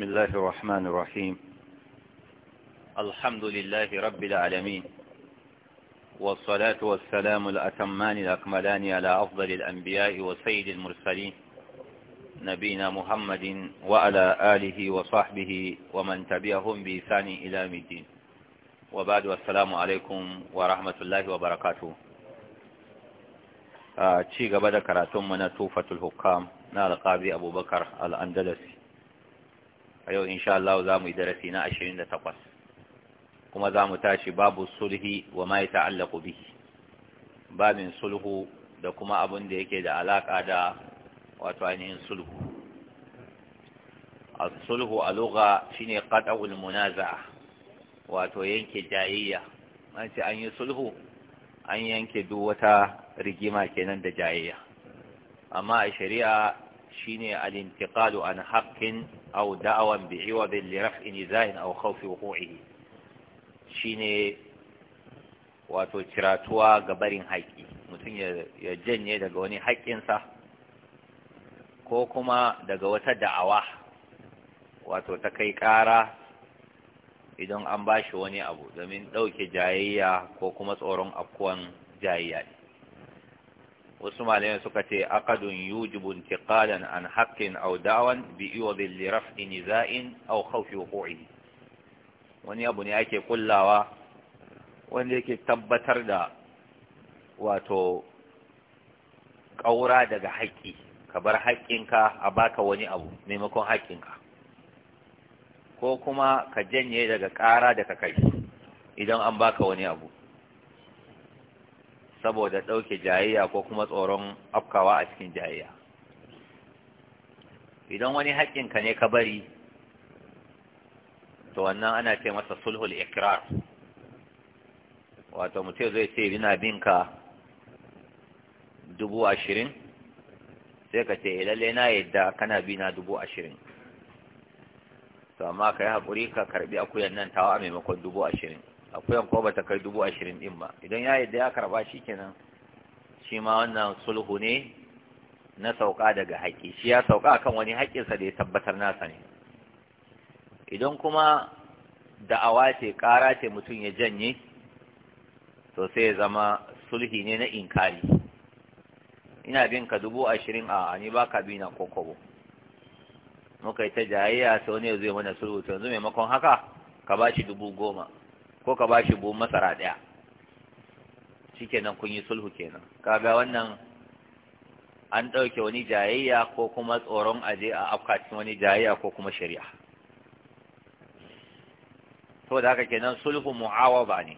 بسم الله الرحمن الرحيم الحمد لله رب العالمين والصلاة والسلام الأتمان الأكملان على أفضل الأنبياء وسيد المرسلين نبينا محمد وعلى آله وصحبه ومن تبعهم بإسان إلى الدين وبعد والسلام عليكم ورحمة الله وبركاته ci gaba da من توفة الحكام نال na أبو بكر الأندلسي a yau insha Allah za mu yi darasi na 28 kuma za mu tashi babu sulhi wa ma ta'allaqu bihi babin sulhu da kuma abin da yake da alaƙa da wato ainihin sulhu sulhu a lugha shine qat'ul munaza'a wato yanke jayayya an ce an yi sulhu an yanke duk wata rigima kenan da jayayya amma a shari'a shine al-intiqalu an haqqin aw da'wan bi'iwad li raf'i nizain aw khawfi wuqu'ihi shine wato ciratuwa ga barin haƙi mutum ya janye daga wani haƙƙinsa ko kuma daga wata da'awa wato ta kai ƙara idan an ba shi wani abu domin ɗauke jayayya ko kuma tsoron afkuwan jayayya ne wasu malamai suka ce akadun yujibu intiqalan an haqqin aw da'wan bi iwadi li raf'i niza'in aw khawfi wuqu'i wani abu ne ake kullawa wanda yake tabbatar da wato ƙaura daga haƙi ka bar ka a baka wani abu maimakon haƙƙinka ko kuma ka janye daga ƙara da ka kai idan an baka wani abu saboda ɗauke jayayya ko kuma tsoron afkawa a cikin jayayya idan wani haƙƙinka ne ka bari to wannan ana ce masa sulhul ikrar wato mutum zai ce yana binka dubu ashirin sai ka ce eh, lalle na yadda kana bi na dubu ashirin to amma ka yi haƙuri ka karɓi akuyan nan tawa a maimakon dubu ashirin akuyan ko bata kai dubu ashirin din ba idan ya yadda ya karba shi kenan shi ma wannan sulhu ne na sauka daga haƙƙi shi ya sauka kan wani haƙƙinsa da ya tabbatar nasa ne idan kuma da'awa ce ƙara ce mutum ya janye to sai ya zama sulhi ne na inkari ina bin ka dubu ashirin a ni ba ka bi na kokobo muka yi ta jayayya wani ya zai mana sulhu to yanzu maimakon haka ka ba shi dubu goma ko ka bashi buhun masara ɗaya shikenan kun yi sulhu kenan kaga wannan an ɗauke wani jayayya ko kuma tsoron aje a cikin wani jayayya ko kuma shari'a to da haka kenan sulhu mu'awaba ne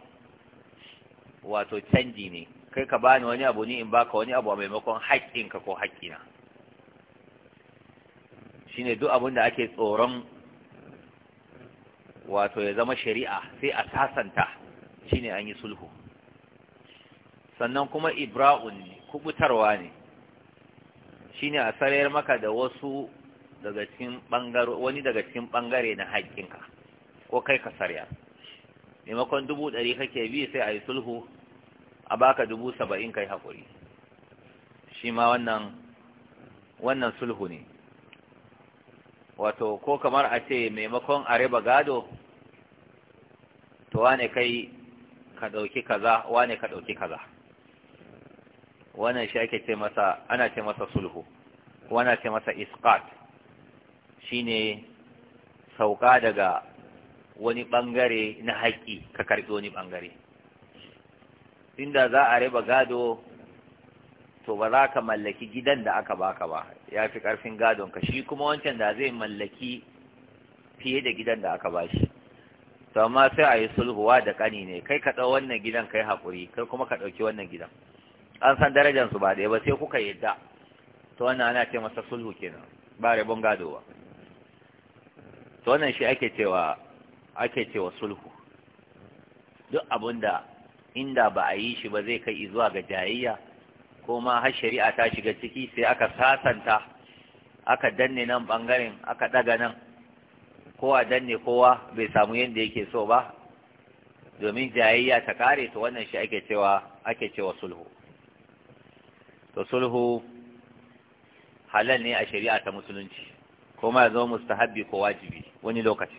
wato canji ne kai ka bani wani abu ni in baka wani abu a maimakon haƙƙinka ko haƙƙina shine duk abin da ake tsoron wato ya zama shari'a sai a sasanta shine an yi sulhu sannan kuma ibra'un ne kubutarwa ne Shi ne a sarayar maka da wasu daga cikin ɓangare wani daga cikin ɓangare na haƙƙinka ko kai ka sarya maimakon dubu ɗari kake bi sai a yi sulhu a baka dubu saba'in kai haƙuri shi ma wannan sulhu ne wato ko kamar a ce maimakon a raba gado to wane kai ka ɗauki kaza wane ka ɗauki kaza wannan shi ake ce masa ana ce masa sulhu ana ce masa iskat shine sauka daga wani ɓangare na haƙƙi ka karɓi wani bangare inda za a raba gado to ba za ka mallaki gidan da aka baka ba ya fi ƙarfin gadon ka shi kuma wancan da zai mallaki fiye da gidan da aka bashi to amma sai a yi sulhuwa da kani ne kai ka ɗau wannan gidan kai haƙuri kai kuma ka ɗauki wannan gidan an san darajar su ba ɗaya ba sai kuka yadda to wannan ana ce masa sulhu kenan ba rabon gado ba to wannan shi ake cewa ake cewa sulhu duk da inda ba a yi shi ba zai kai zuwa ga jayayya ko ma har shari'a ta shiga ciki sai aka sasanta aka danne nan bangaren aka ɗaga nan kowa danne kowa bai samu yadda yake so ba domin jayayya ta kare to wannan shi ake cewa ake cewa sulhu to sulhu halal ne a shari'a ta musulunci kuma ya zama mustahabbi ko wajibi wani lokaci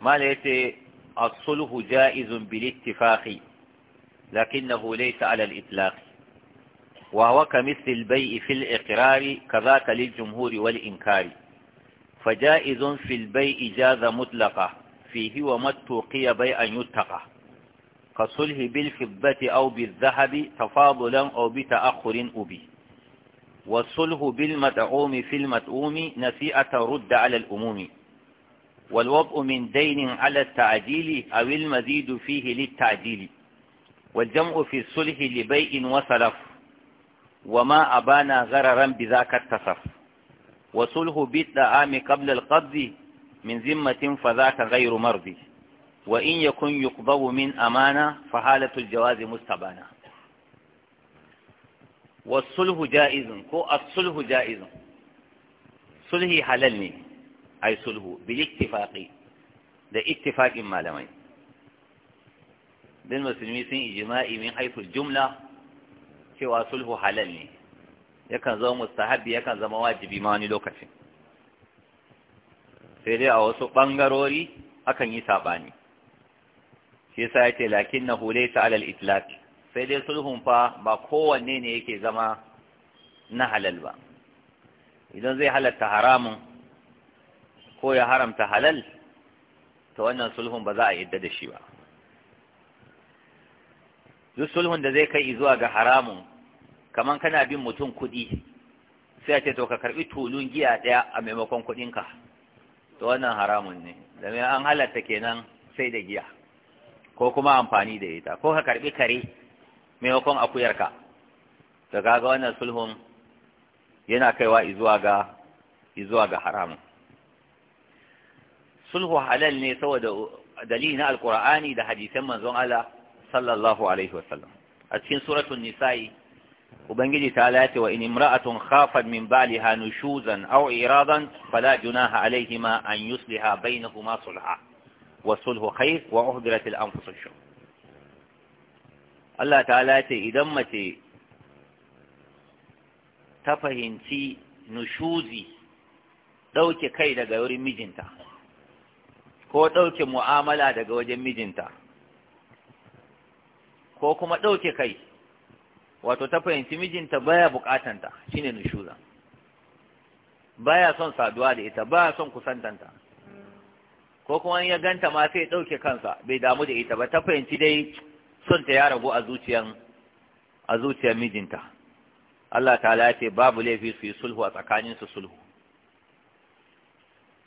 mala yace as-sulhu ja'izun bil ittifaqi لكنه ليس على الإطلاق وهو كمثل البيع في الإقرار كذاك للجمهور والإنكار فجائز في البيع جاز مطلقة فيه وما اتوقي بيعا يتقى كصله بالفضة أو بالذهب تفاضلا أو بتأخر أبي وصله بالمدعوم في المدعوم نسيئة رد على الأموم والوضع من دين على التعديل أو المزيد فيه للتعديل والجمع في الصلح لبيء وسلف وما أبانا غررا بذاك التصف بيت بالدعام قبل القبض من ذمة فذاك غير مرضي وإن يكن يقضى من أمانة فحالة الجواز مستبانة والصلح جائز كو الصلح جائز صلح حللني أي صلح بالاتفاق لاتفاق ما لمين din musulmi sun ijma'i min haifar jumla cewa sulhu halal ne yakan zama mustahabi yakan zama wajibi ma wani lokacin sai dai a wasu ɓangarori akan yi saɓani shi sa yake lakin na hule ta alal itlaq sai dai sulhun fa ba kowanne ne yake zama na halal ba idan zai halatta haramun ko ya haramta halal ta wannan sulhun ba za a yadda da shi ba duk sulhun da zai kai zuwa ga haramun kaman kana bin mutum kuɗi sai ce to ka karɓi tulun giya ɗaya a maimakon kuɗinka to wannan haramun ne mai an halatta kenan sai da giya ko kuma amfani da ita ko ka karɓi kare maimakon akuyarka to kaga wannan sulhun yana kaiwa zuwa ga zuwa ga haramun sulhu halal ne saboda dalili na alkur'ani da hadisan manzon Allah sallallahu alaihi wasallam a cikin suratul nisa'i ubangiji ta lati wa in imra'atun khafat min baliha nushuzan aw iradan fala junaha alaihima an yusliha bainahuma sulha wa sulhu khair wa uhdirat al anfus ash Allah ta'ala ce idan mace ta fahimci nushuzi ɗauke kai daga wurin mijinta ko ɗauke mu'amala daga wajen mijinta ko kuma ɗauke kai wato ta fahimci mijinta baya bukatanta shine nushuza baya son saduwa da ita baya son kusantanta ko kuma ya ganta ma sai ɗauke kansa bai damu da ita ba ta fahimci dai son ta ya ragu a zuciyan zuciyar mijinta Allah Ta ya ce babu laifi su yi sulhu a tsakanin su sulhu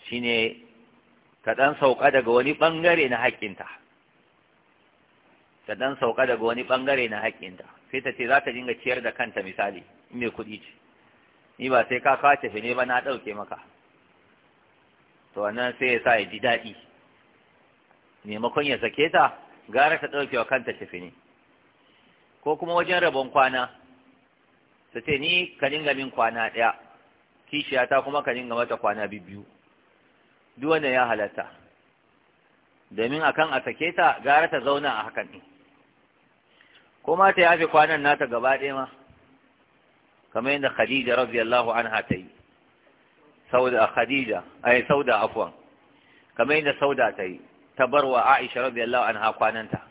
shine ka ɗan sauka daga wani ɓangare na haƙƙinta ta dan sauka daga wani bangare na haƙƙinta sai ta ce za ta dinga ciyar da kanta misali in mai kuɗi ce ni ba sai ka kace tafi ne ba na ɗauke maka to wannan sai ya sa ya ji daɗi maimakon ya sake ta gara ta ɗauke wa kanta tafi ne ko kuma wajen rabon kwana ta ce ni ka dinga min kwana ɗaya kishiyata kuma ka dinga mata kwana biyu duk wanda ya halatta domin akan a sake ta gara ta zauna a hakan ne ko ma ta yafe kwanan nata gaba ɗaya ma kamar yadda khadija radiyallahu anha ta yi sauda khadija ai sauda afwan kamar yadda sauda ta yi ta bar wa aisha radiyallahu anha kwananta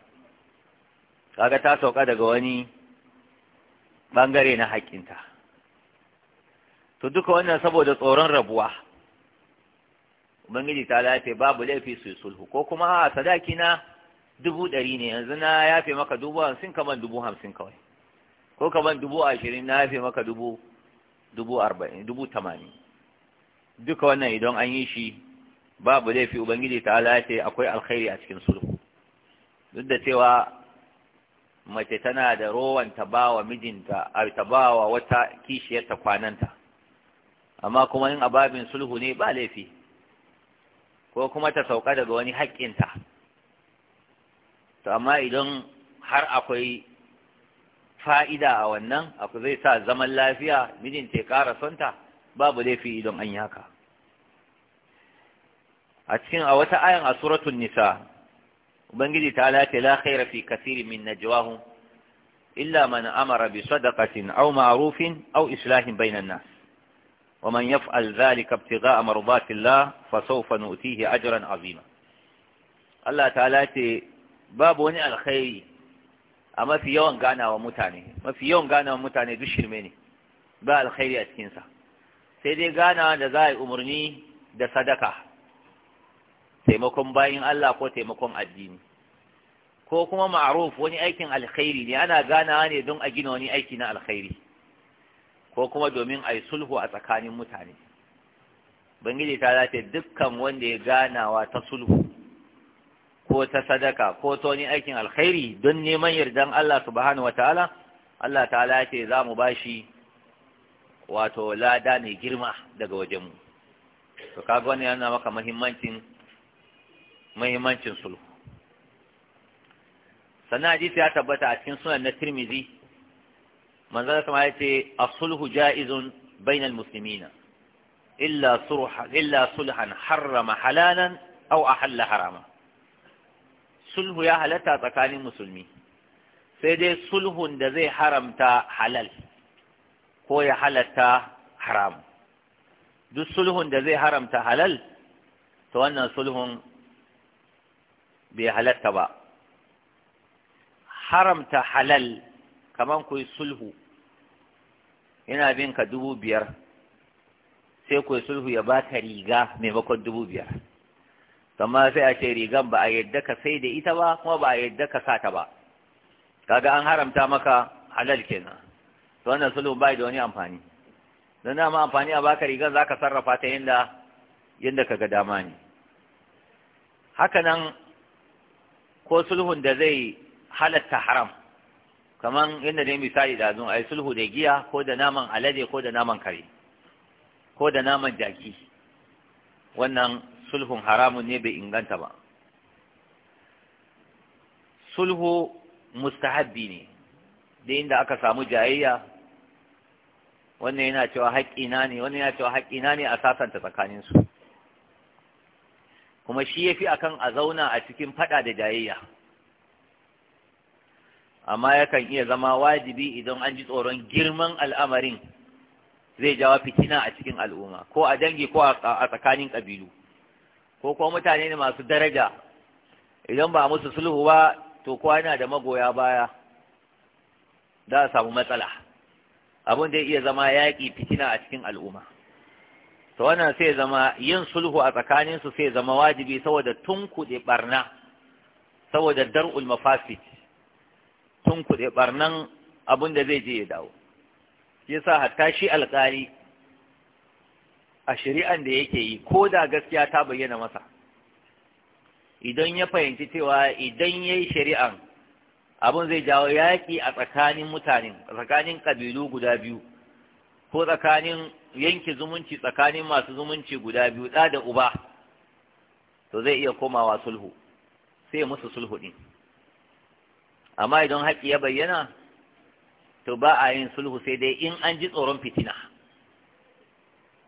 kaga ta sauka daga wani bangare na ta. to duka wannan saboda tsoron rabuwa ubangiji ta lafiya babu laifi su sulhu ko kuma a sadaki na dubu ɗari ne yanzu na yafe maka dubu hamsin kamar dubu hamsin kawai ko kamar dubu ashirin na yafe maka dubu dubu arba'in dubu tamanin duka wannan idan an yi shi babu laifi ubangiji ta ala ce akwai alkhairi a cikin sulhu duk da cewa mace tana da rowan ta ba wa mijinta a ta ba wa wata kishiyarta kwananta amma kuma yin ababin sulhu ne ba laifi ko kuma ta sauka daga wani haƙƙinta to amma idan har akwai fa'ida a wannan akwai zai sa zaman lafiya mijinta ya ƙara sonta babu laifi idan an yaka a cikin a wata ayan a suratun nisa ubangiji ta lati la fi kasiri min najwahum illa man amara bi sadaqatin aw ma'rufin aw islahin bainan nas wa man yaf'al dhalika ibtigha'a mardati fa sawfa nu'tihi ajran 'azima Allah ta lati babu wani alkhairi a mafi yawan ganawa mutane mafi yawan ganawa mutane duk shirme ne ba alkhairi a cikinsa sai dai ganawa da za a yi umarni da sadaka taimakon bayan Allah ko taimakon addini ko kuma ma'aruf wani aikin alkhairi ne ana ganawa ne don a gina wani aiki na alkhairi ko kuma domin a yi sulhu a tsakanin mutane bangiji ta zace dukkan wanda ya ganawa ta sulhu ko ta sadaka ko ta wani aikin alkhairi don neman yardan Allah subhanahu wataala Allah ta'ala ya ce za mu bashi wato lada mai girma daga wajenmu to kaga wannan yana maka muhimmancin muhimmancin sulhu sannan hadisi ya tabbata a cikin sunan na Tirmidhi manzon sama ya ce as-sulhu ja'izun bainal muslimina illa sulhan harrama halalan aw ahalla harama sulhu ya halatta tsakanin musulmi sai dai sulhun da zai haramta halal ko ya halatta haram duk sulhun da zai haramta halal to wannan sulhun bai halatta ba haramta halal kamar ku sulhu yana bin ka dubu biyar sai ku sulhu ya baka riga maimakon dubu biyar amma sai a ce rigan ba a yadda ka sai da ita ba kuma ba a yadda ka sata ba kaga an haramta maka halal kenan to wannan sulhun bai da wani amfani dan dama amfani a baka rigan zaka sarrafa ta yanda yanda kaga dama ne haka nan ko sulhun da zai halatta haram kaman inda dai misali da zun ai sulhu da giya ko da naman alade ko da naman kare ko da naman jaki wannan sulhun haramun ne bai inganta ba sulhu mustahabbi ne da inda aka samu jayayya wannan yana cewa haƙƙina ne wannan yana cewa haƙƙina ne a sasanta tsakaninsu kuma shi ya fi akan a zauna a cikin faɗa da jayayya amma yakan iya zama wajibi idan an ji tsoron girman al'amarin zai jawa fitina a cikin al'umma ko a dangi ko a tsakanin ƙabilu ko kuma mutane ne masu daraja idan ba musu sulhu ba to kowa yana da magoya baya za a samu matsala abin da iya zama yaƙi fitina a cikin al'umma to wannan sai zama yin sulhu a tsakaninsu sai zama wajibi saboda tunkuɗe barna saboda dar'ul mafasid tunkuɗe barnan abin da zai je ya dawo yasa hatta shi alƙali a shari'an da yake yi ko da gaskiya ta bayyana masa idan ya fahimci cewa idan ya yi shari'an abin zai jawo yaƙi a tsakanin mutanen tsakanin ƙabilu guda biyu ko tsakanin yanke zumunci tsakanin masu zumunci guda biyu ɗa da uba to zai iya komawa sulhu sai musu sulhu ɗin amma idan haƙƙi ya bayyana to ba a yin sulhu sai dai in an ji tsoron fitina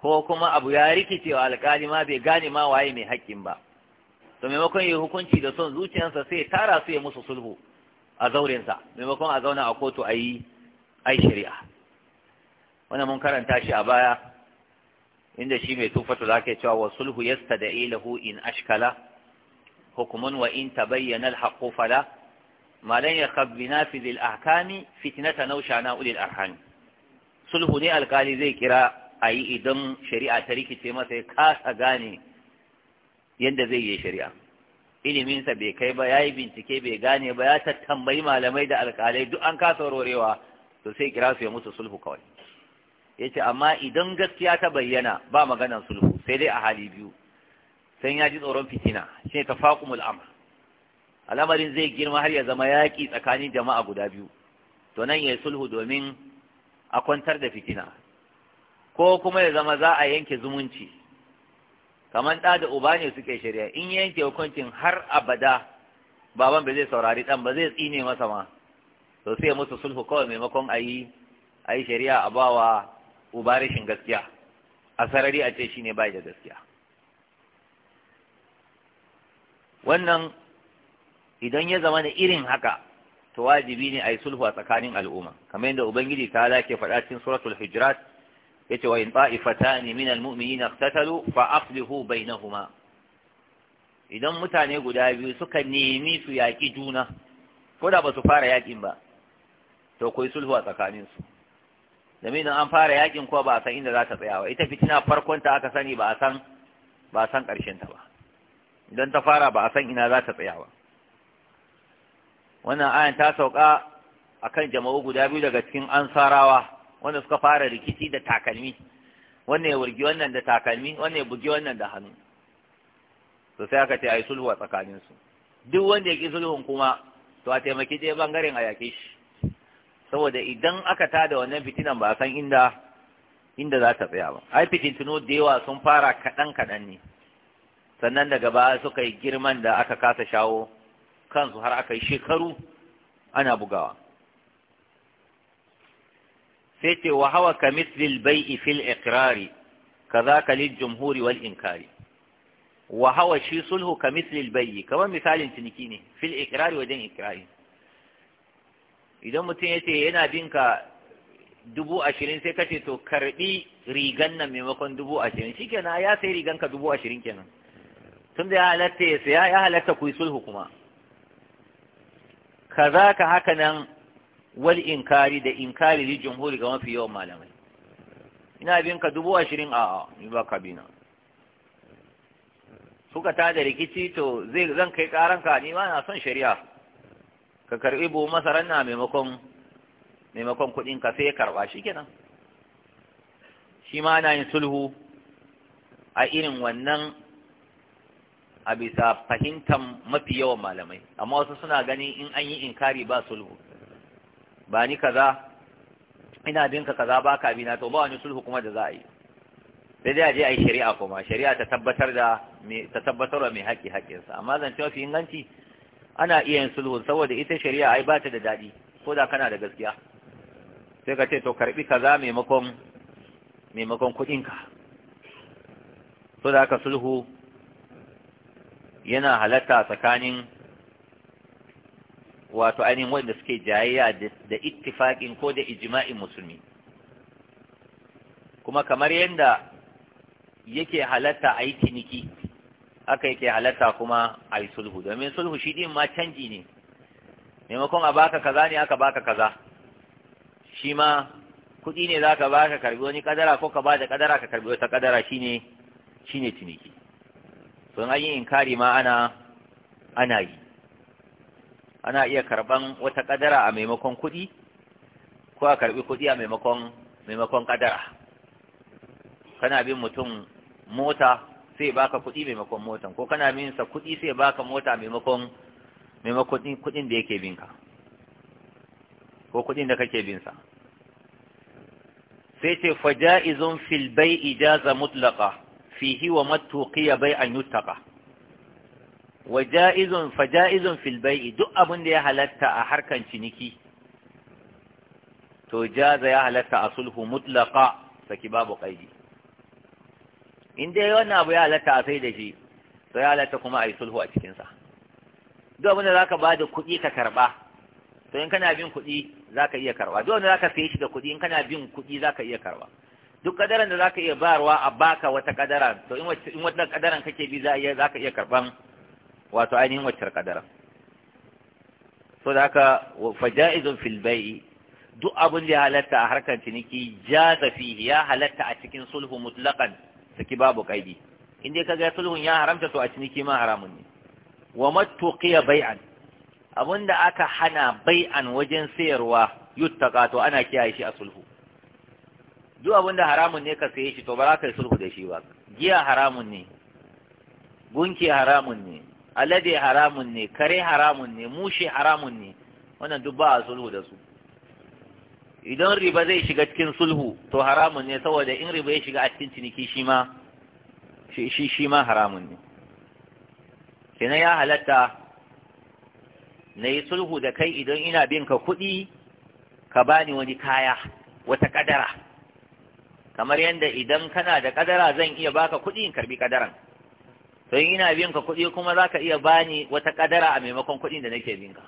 ko kuma abu ya rikicewa alkali ma bai gane ma waye mai haƙƙin ba to maimakon yi hukunci da son zuciyarsa sai tara su ya musu sulhu a zaurinsa maimakon a zauna a kotu a yi ai shari'a wannan mun karanta shi a baya inda shi mai tufatu za cewa wa sulhu yastada'i lahu in ashkala hukumun wa in tabayyana al-haqqu fala ma lan yakhab bi nafiz al fitnatan aw ulil arhani sulhu ne alkali zai kira a yi idan shari'a ta rikice masa ya kasa gane yadda zai yi shari'a iliminsa bai kai ba ya yi bincike bai gane ba ya tattambayi malamai da alkalai duk an kasa rorewa to sai kira su ya musu sulhu kawai ya ce amma idan gaskiya ta bayyana ba maganan sulhu sai dai a hali biyu sai ya ji tsoron fitina shi ta faƙumul al'amarin zai girma har ya zama yaƙi tsakanin jama'a guda biyu to nan ya yi sulhu domin a kwantar da fitina ko kuma ya zama za a yanke zumunci kamar ɗa da uba ne suke shari'a in yanke hukuncin har abada baban ba zai saurari ɗan ba zai tsine masa ma to sai musu sulhu kawai maimakon a yi a yi shari'a a bawa uba rashin gaskiya a sarari a ce shi ne bai da gaskiya wannan idan ya zama da irin haka to wajibi ne a yi sulhu a tsakanin al'umma kamar yadda ubangiji ta lake faɗa cikin suratul hijrat yace wa in ta'ifatani min almu'minin iqtatalu fa aslihu bainahuma idan mutane guda biyu suka nemi su yaki juna ko da ba su fara yakin ba to kai sulhu a tsakanin su domin an fara yakin ko ba a san inda za ta tsaya ba ita fitina farkon ta aka sani ba a san ba a san karshen ta ba idan ta fara ba a san ina za ta tsaya ba wannan ayan ta sauka akan jama'u guda biyu daga cikin ansarawa wanda suka fara rikici da takalmi wannan ya wurgi wannan da takalmi wannan ya bugi wannan da hannu to sai aka ce ai sulhu a tsakanin su duk wanda ya ki sulhun kuma to a taimaki ɗaya bangaren a yake shi saboda idan aka tada wannan fitinan ba san inda inda za ta tsaya ba ai fitintunu da yawa sun fara kaɗan kaɗan ne sannan daga baya suka yi girman da aka kasa shawo kansu har aka yi shekaru ana bugawa sai ce wa hawa ka mislil bai'i fil iqrari ka lil jumhuri wal inkari wa hawa shi sulhu ka mislil bai'i kamar misalin ciniki ne fil iqrari wajen iqrari idan mutum ya ce yana binka dubu ashirin sai kace to karbi rigan nan maimakon dubu ashirin shikenan ya sai rigan ka dubu ashirin kenan tun da ya halatta ya saya ya halatta ku yi sulhu kuma kaza ka haka nan wal inkari da inkari li jumhuri ga mafi yawan malamai ina bin ka dubu ashirin a ni ba ka bina suka ta da rikici to zai zan kai karanka ni ma na son shari'a ka karbi bu masaran na maimakon maimakon kuɗin ka sai ya karɓa shi kenan shi ma na yin sulhu a irin wannan a bisa fahimtar mafi yawan malamai amma wasu suna ganin in an yi inkari ba sulhu ba ni kaza ina bin ka kaza ba ka bina to ba wani sulhu kuma da za a yi sai dai a je a yi shari'a kuma shari'a ta tabbatar da ta tabbatar da mai haƙƙi haƙƙinsa amma zan ce mafi inganci ana iya yin sulhu saboda ita shari'a ai bata da daɗi ko da kana da gaskiya sai ka ce to karɓi kaza maimakon maimakon kuɗinka so da haka sulhu yana halatta tsakanin wato ainihin wanda suke jayayya da ittifakin ko da ijima'in musulmi kuma kamar yadda yake halatta a yi ciniki aka yake halatta kuma a yi sulhu domin sulhu shi din ma canji ne maimakon a baka kaza ne aka baka kaza shi ma kuɗi ne za ka baka karbi wani kadara ko ka ba da kadara ka karbi wata kadara shine shine ciniki don an yi inkari ma ana yi ana iya karban wata kadara a maimakon kuɗi ko a karbi kuɗi a maimakon maimakon kadara kana bin mutum mota sai baka kuɗi maimakon motan ko kana bin sa kuɗi sai baka mota maimakon maimakon kuɗin da yake binka ko kuɗin da kake bin sa sai ce faja'izun fil bai'i jaza mutlaqa fihi wa mattuqiya bai'an yuttaqa wa ja'izun fa ja'izun fil bai'i duk abin da ya halatta a harkan ciniki to jaza ya halatta a sulhu mutlaqa saki babu qaidi in dai wannan abu ya halatta a sai da shi to ya halatta kuma a yi sulhu a cikin sa duk abin da zaka ba da kuɗi ka karba to in kana bin kuɗi zaka iya karba duk wanda zaka sai shi da kuɗi in kana bin kuɗi zaka iya karba duk kadaran da zaka iya bayarwa a baka wata kadara to in wata kadaran kake bi za iya iya karban wato ainihin waccar kadara so da haka faja'izun fil duk abin da ya halatta a harkar ciniki da fihi ya halatta a cikin sulhu mutlaqan saki babu kaidi in dai kaga sulhun ya haramta to a ciniki ma haramun ne wa mattuqiya bai'an abin da aka hana bai'an wajen sayarwa yuttaka to ana kiyaye shi a sulhu duk abin da haramun ne ka saye shi to ba za ka yi sulhu da shi ba giya haramun ne gunki haramun ne alade haramun ne kare haramun ne mushe haramun ne wannan duk ba a sulhu da su idan riba zai shiga cikin sulhu to haramun ne saboda in riba ya shiga a cikin ciniki shi ma shi haramun ne kina ya halatta na yi sulhu da kai idan ina bin ka kuɗi ka bani wani kaya wata kadara kamar yadda idan kana da kadara zan iya baka kuɗi in karbi kadaran to ina biyan ka kuɗi kuma za ka iya bani wata ƙadara a maimakon kuɗin da nake binka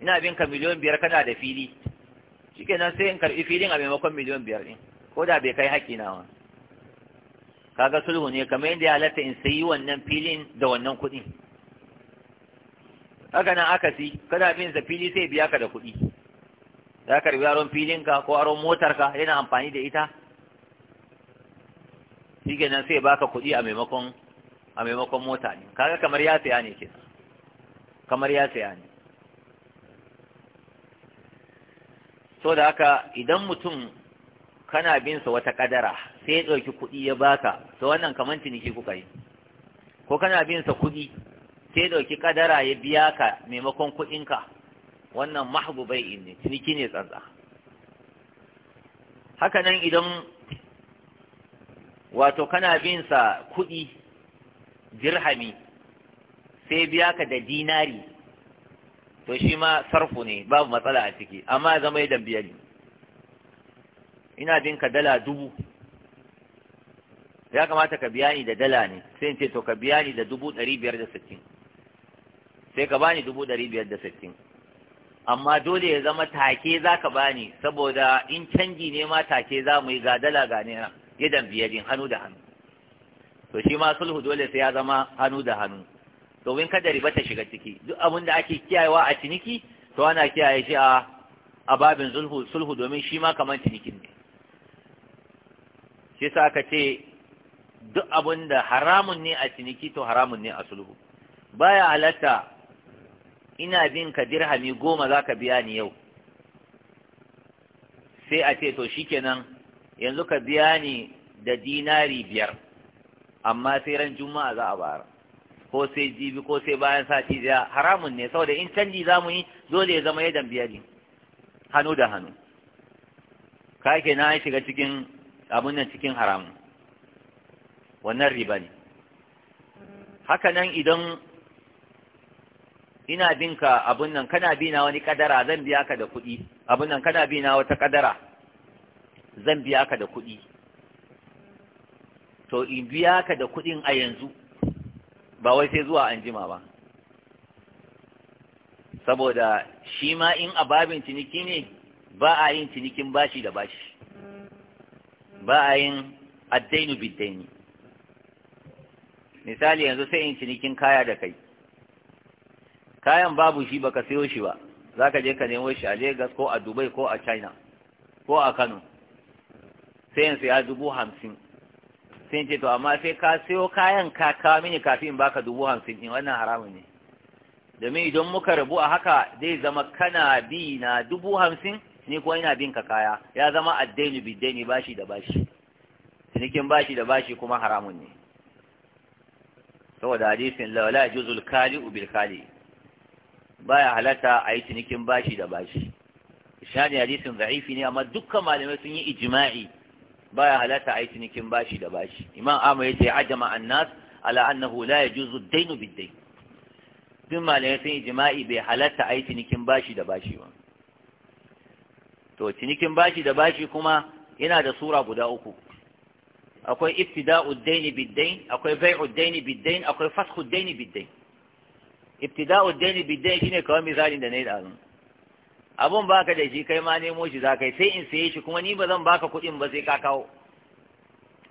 ina binka ka miliyon biyar kana da fili shikenan sai in karɓi filin a maimakon miliyon biyar ɗin ko da bai kai haƙƙi nawa kaga sulhu ne kamar yadda ya halatta in sayi wannan filin da wannan kuɗin haka nan si kana bin sa fili sai biya ka da kuɗi za ka karɓi aron filinka ko aron motarka yana amfani da ita shikenan sai baka kuɗi a maimakon a maimakon mota ne kaga kamar ya saya ne kenan kamar ya saya ne so da haka idan mutum kana bin sa wata kadara sai ya ɗauki kuɗi ya baka to wannan kamar ciniki kuka yi ko kana bin sa kuɗi sai ya ɗauki kadara ya biya ka maimakon kuɗinka wannan mahbubai ne ciniki ne tsantsa haka nan idan wato kana bin sa kuɗi dirhami sai biya ka da dinari to shi ma sarfu ne babu matsala a ciki amma zama yadda biya ne ina bin ka dala dubu ya kamata ka biya ni da dala ne sai in ce to ka biya ni da dubu ɗari biyar da sittin sai ka bani dubu ɗari biyar da sittin amma dole ya zama take za ka bani saboda in canji ne ma take za mu yi ga dala ga naira yadda biyar hannu da hannu to shi ma sulhu dole sai ya zama hannu da hannu domin kada riba ta shiga ciki duk abin da ake kiyayewa a ciniki to ana kiyaye shi a ababin sulhu sulhu domin shi ma kamar cinikin ne shi sa aka ce duk abin da haramun ne a ciniki to haramun ne a sulhu baya halatta ina bin ka dirhami goma za ka biya ni yau sai a ce to shikenan yanzu ka biya ni da dinari biyar amma sai ran juma'a za a bara ko sai jibi ko sai bayan sati daya haramun ne saboda in canji za mu yi dole ya zama yadan biya ne hannu da hannu ka ke na shiga cikin abun nan cikin haramun wannan riba ne haka nan idan ina bin ka abun nan kana bi na wani kadara zan biya ka da kuɗi abun nan kana bi na wata kadara zan biya ka da kuɗi to in biya ka da kuɗin a yanzu ba wai sai zuwa an jima ba saboda shi ma in a babin ciniki ne ba a yin cinikin bashi da bashi ba a yin addainu biddaini misali yanzu sai in cinikin kaya da kai kayan babu shi baka sayo shi ba za ka je ka nemo shi a Legas ko a Dubai ko a China ko a Kano sai in saya dubu hamsin sai ce to amma sai ka sayo kayan ka kawo mini kafin baka dubu hamsin in wannan haramun ne domin idan muka rabu a haka zai zama kana bi na dubu hamsin ni ko ina bin ka kaya ya zama addaini biddaini bashi da bashi cinikin bashi da bashi kuma haramun ne saboda hadisin la juzul kali bil kali baya halata a yi cinikin bashi da bashi shani hadisin za'ifi ne amma dukkan malamai sun yi ijma'i baya halatta a yi cinikin bashi da bashi imam amma ya ce ajama annas ala annahu la yajuzu dainu bid-dain duk malamai sun yi jima'i bai halatta a yi cinikin bashi da bashi ba to cinikin bashi da bashi kuma yana da sura guda uku akwai ibtida'ud daini bid akwai bai'ud daini bid akwai faskhud daini bid-dain ibtida'ud daini bid shine kawai misalin da nayi da azumi abun baka da shi kai ma nemo shi za kai sai in saye shi kuma ni ba zan baka kuɗin ba sai ka kawo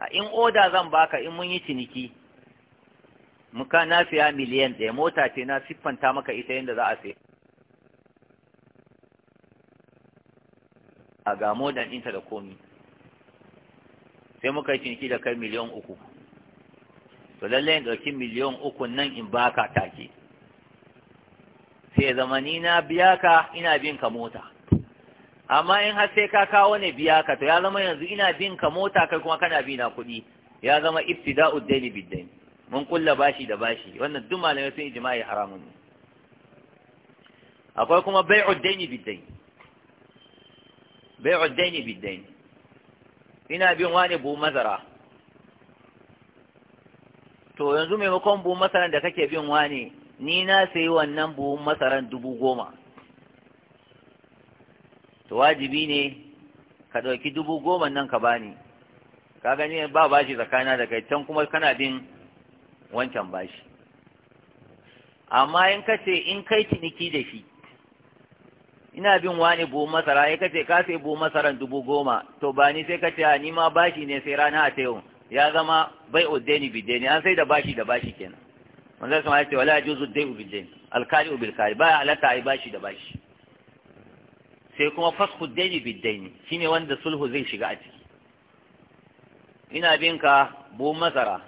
a in oda zan baka in mun yi ciniki muka na siya miliyan ɗaya mota ce na siffanta maka ita yadda za a siya a ga modan ɗinta da komi sai muka yi ciniki da kai miliyan uku to lallai in ɗauki miliyan uku nan in baka take sai zamani na biya ka ina bin ka mota amma in har sai ka kawo ne biya ka to ya zama yanzu ina bin ka mota kai kuma kana bi na kuɗi ya zama ibtida'u daini biddain mun kulla bashi da bashi wannan duk malamai sun ijma'i haramun ne akwai kuma bai'u daini biddain bai'u daini biddain ina bin wani bu mazara to yanzu maimakon bu masaran da kake bin wani ni na sayi wannan buhun masaran dubu goma to wajibi ne ka ɗauki dubu goma nan ka bani ka gani ba bashi tsakana da kai can kuma kana bin wancan bashi amma in ka ce in kai ciniki da shi ina bin wani buhun masara ya kace ka sai buhun masaran dubu goma to ba ni sai ka ce ni ma bashi ne sai rana a ta yau ya zama bai uddeni bideni an sai da bashi da bashi kenan manzon sun yace wala yajuzu dai'u bil al alkali bil kali ba ta ai bashi da bashi sai kuma fasku dayn bil dayn shine wanda sulhu zai shiga a ciki ina bin ka buhun masara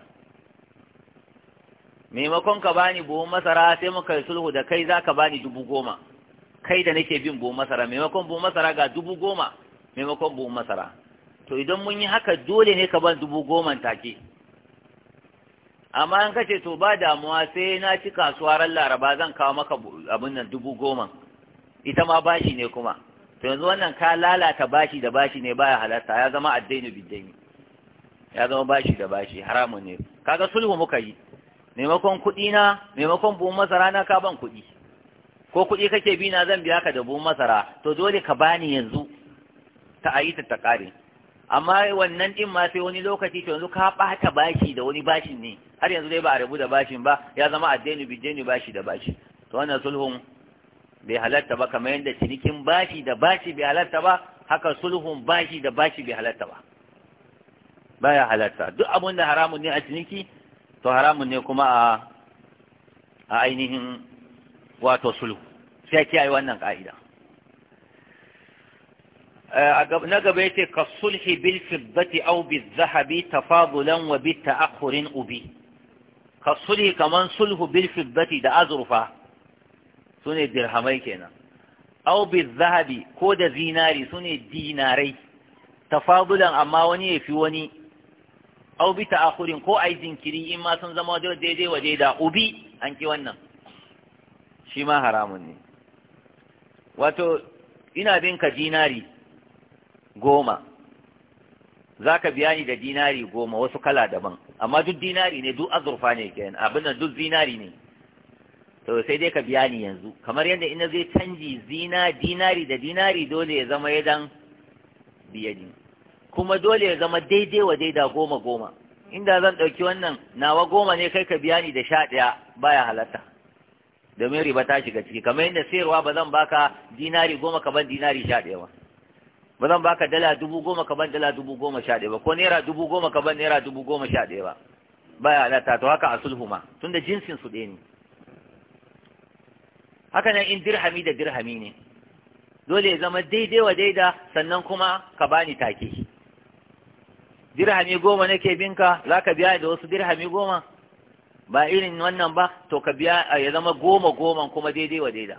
maimakon ka bani buhun masara sai muka yi sulhu da kai zaka bani dubu goma kai da nake bin buhun masara maimakon buhun masara ga dubu goma maimakon buhun masara to idan mun yi haka dole ne ka ban dubu goma take amma an kace to ba damuwa sai na ci kasuwa ran laraba zan kawo maka abin nan dubu goma ita ma bashi ne kuma to yanzu wannan ka lalata bashi da bashi ne baya halarta. ya zama addaini biddaini ya zama bashi da bashi haramun ne kaga sulhu muka yi maimakon kuɗi na maimakon buhun masara na ka ban kuɗi ko kuɗi kake bi na zan biya ka da buhun masara to dole ka bani yanzu ta ayi ta ƙare amma wannan din ma sai wani lokaci to yanzu ka bata bashi da wani bashin ne har yanzu dai ba a rabu da bashin ba ya zama addini bidini bashi da bashi to wannan sulhun bai halatta ba kamar yadda cinikin bashi da bashi bai halatta ba haka sulhun bashi da bashi bai halatta ba baya halatta duk abin da haramun ne a ciniki to haramun ne kuma a a ainihin wato sulhu sai kiyaye wannan ka'ida Eh, na gaba yace kasulhi bil fiddati aw bil zahabi tafadulan wa bi ta'akhurin ubi kasulhi kaman sulhu bil fiddati da azrufa sune dirhamai kenan aw bil zahabi ko da zinari sune dinarai tafadulan amma wani ya fi wani aw bi ta'akhurin ko ai jinkiri in ma sun zama daidai wa daida ubi an ki wannan shi ma haramun ne wato ina bin ka dinari goma za ka biya ni da dinari goma wasu kala daban amma duk dinari ne duk azurfa ne ke abin nan duk zinari ne to sai dai ka biya ni yanzu kamar yadda ina zai canji zina dinari da dinari dole ya zama ya yadan biyadi kuma dole ya zama daidai wa daida goma goma inda zan ɗauki wannan nawa goma ne kai ka biya ni da sha ɗaya baya halatta domin riba ta shiga ciki kamar yadda sayarwa ba zan baka dinari goma ka dinari sha ɗaya ba ba zan baka dala dubu goma ka ban dala dubu goma sha ɗaya ba ko naira dubu goma ka ban naira dubu goma sha ɗaya ba baya ta to haka a sulhu ma tunda jinsin su ɗaya ne haka nan in dirhami da dirhami ne dole ya zama daidai wa daida sannan kuma ka bani take dirhami goma nake binka za ka biya da wasu dirhami goma ba irin wannan ba to ka biya ya zama goma goma kuma daidai wa daida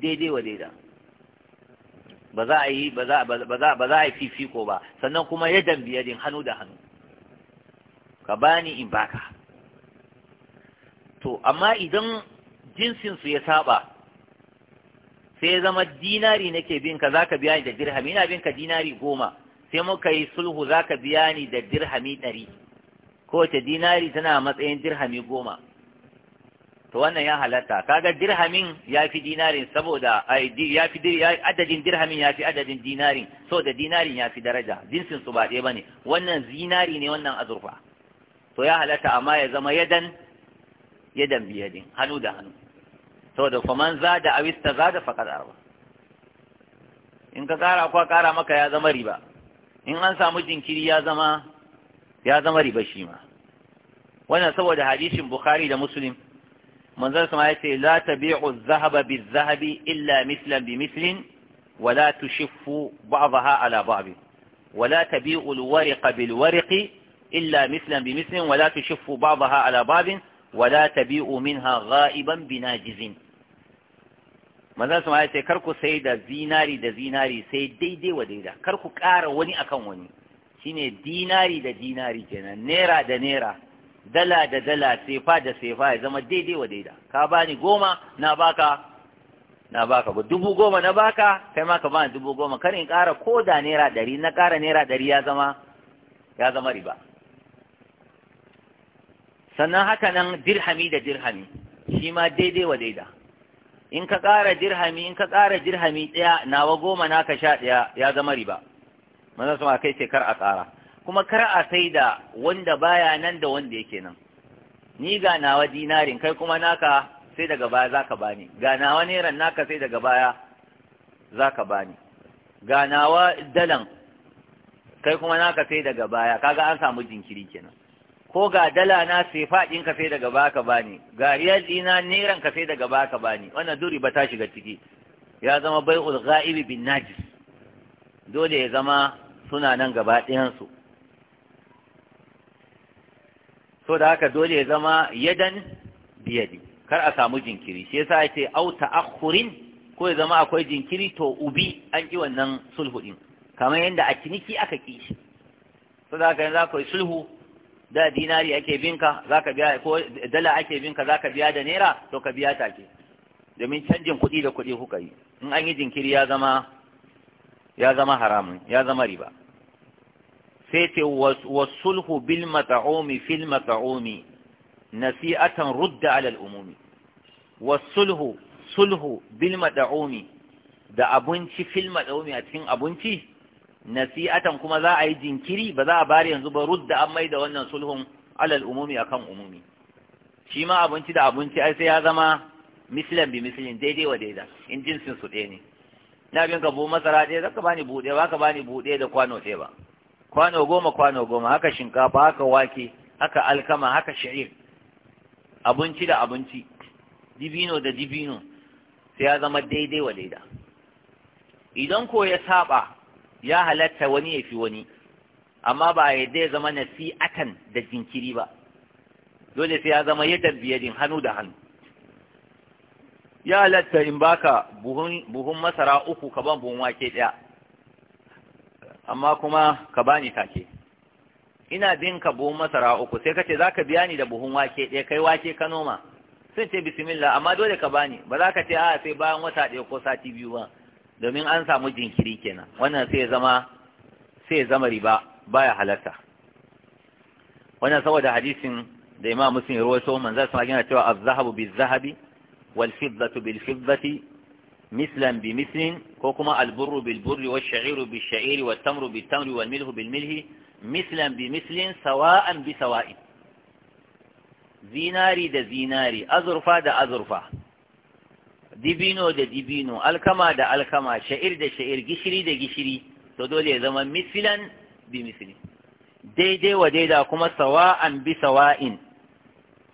daidai wa daida ba za a yi ba fifiko ba sannan kuma yadan biyadin hannu da hannu ka bani in baka to amma idan jinsinsu ya saba sai zama dinari nake bin ka za ka biya ni da dirhami ina bin ka dinari goma sai muka yi sulhu za ka biya ni da dirhami ɗari kowace dinari tana matsayin dirhami goma to wannan ya halatta kaga dirhamin ya fi dinarin saboda ya fi adadin dirhamin ya fi adadin dinarin so da dinarin ya fi daraja jinsin su ba ɗaya bane wannan zinari ne wannan azurfa to ya halatta amma ya zama yadan yadan biyadin hannu da hannu saboda faman da awis ta da faqad arba in ka kara ko kara maka ya zama riba in an samu jinkiri ya zama ya zama riba shi ma wannan saboda hadisin bukhari da muslim منزل سمعيته لا تبيع الذهب بالذهب إلا مثلا بمثل ولا تشف بعضها على بعض ولا تبيع الورق بالورق إلا مثلا بمثل ولا تشف بعضها على بعض ولا تبيع منها غائبا بناجز منزل سمعيته كركو سيدة زيناري دا زيناري سيد دي دي ودي دا كركو كار وني أكون وني شيني ديناري دا ديناري جنا نيرا دا نيرا dala da dala sefa da sefa ya zama daidai wa daida ka bani goma na baka na baka ba dubu goma na baka kai ma ka bani dubu goma kar in ƙara ko da naira ɗari na ƙara naira ɗari ya zama ya zama riba sannan haka nan dirhami da dirhami shi ma daidai wa daida in ka ƙara dirhami in ka ƙara dirhami ɗaya nawa goma naka sha ɗaya ya zama riba manzon sama kai ce kar a ƙara kuma kar a sai da wanda baya nan da wanda yake nan ni ga nawa dinarin kai kuma naka sai daga baya zaka bani ga nawa neran naka sai daga baya zaka bani ga nawa dalan kai kuma naka sai daga baya kaga an samu jinkiri kenan ko ga dala na sai fadin ka sai daga baya ka bani ga riyal dina neran ka sai daga baya ka bani wannan duri ba ta shiga ciki ya zama bai'ul ghaibi bin najis dole ya zama suna nan gaba ɗayan su so da haka dole ya zama yadan biyadi kar a samu jinkiri shi yasa yace au ta'akhurin ko ya zama akwai jinkiri to ubi an ki wannan sulhu din kamar yanda a ciniki aka ki shi so da haka yanzu akwai sulhu da dinari ake binka zaka biya ko dala ake binka zaka biya da naira to ka biya ta ke domin canjin kuɗi da kuɗi kuka yi in an yi jinkiri ya zama ya zama haramun ya zama riba sai ce wasulhu bil mata'umi fil mata'umi nasi'atan rudda alal umumi wasulhu sulhu bil mata'umi da abinci fil mata'umi a cikin abinci nasi'atan kuma za a yi jinkiri ba za a bari yanzu ba rudda an mai da wannan sulhun alal umumi akan umumi shi ma abinci da abinci ai sai ya zama mislan bi mislin daidai wa daida in jinsin su ɗaya ne na bin ka bu masara ɗaya zaka bani buɗe ba ka bani buɗe da kwano ɗaya ba kwano goma kwano goma haka shinkafa haka wake haka alkama haka sha'ir abinci da abinci dibino da dibino sai ya zama daidai wa daida idan ko ya saba ya halatta wani ya fi wani amma ba a yadda ya zama nasi'atan da jinkiri ba dole sai ya zama yadda biyadin hannu da hannu ya halatta in baka buhun masara uku kaban buhun wake ɗaya amma kuma ka bani take ina bin ka buhun masara uku sai ka ce za biya ni da buhun wake ɗaya kai wake ka noma sun ce bismillah amma dole ka bani ba za ka ce a sai bayan wata ɗaya ko sati biyu ba domin an samu jinkiri kenan wannan sai zama sai zama riba baya halarta wannan saboda hadisin da imam muslim ya rawaito manzo sallallahu alaihi wasallam cewa az-zahabu biz-zahabi wal-fiddatu bil-fiddati mislan bi mislin ko kuma alburru bil burri wa sha'iru bil sha'iri wa tamru bil milhu bil milhi mislan bi mislin sawa'an bi sawa'in zinari da zinari azurfa da azurfa dibino da dibino alkama da alkama sha'ir da sha'ir gishiri da gishiri to dole ya zama mislan bi mislin daidai wa daida kuma sawa'an bi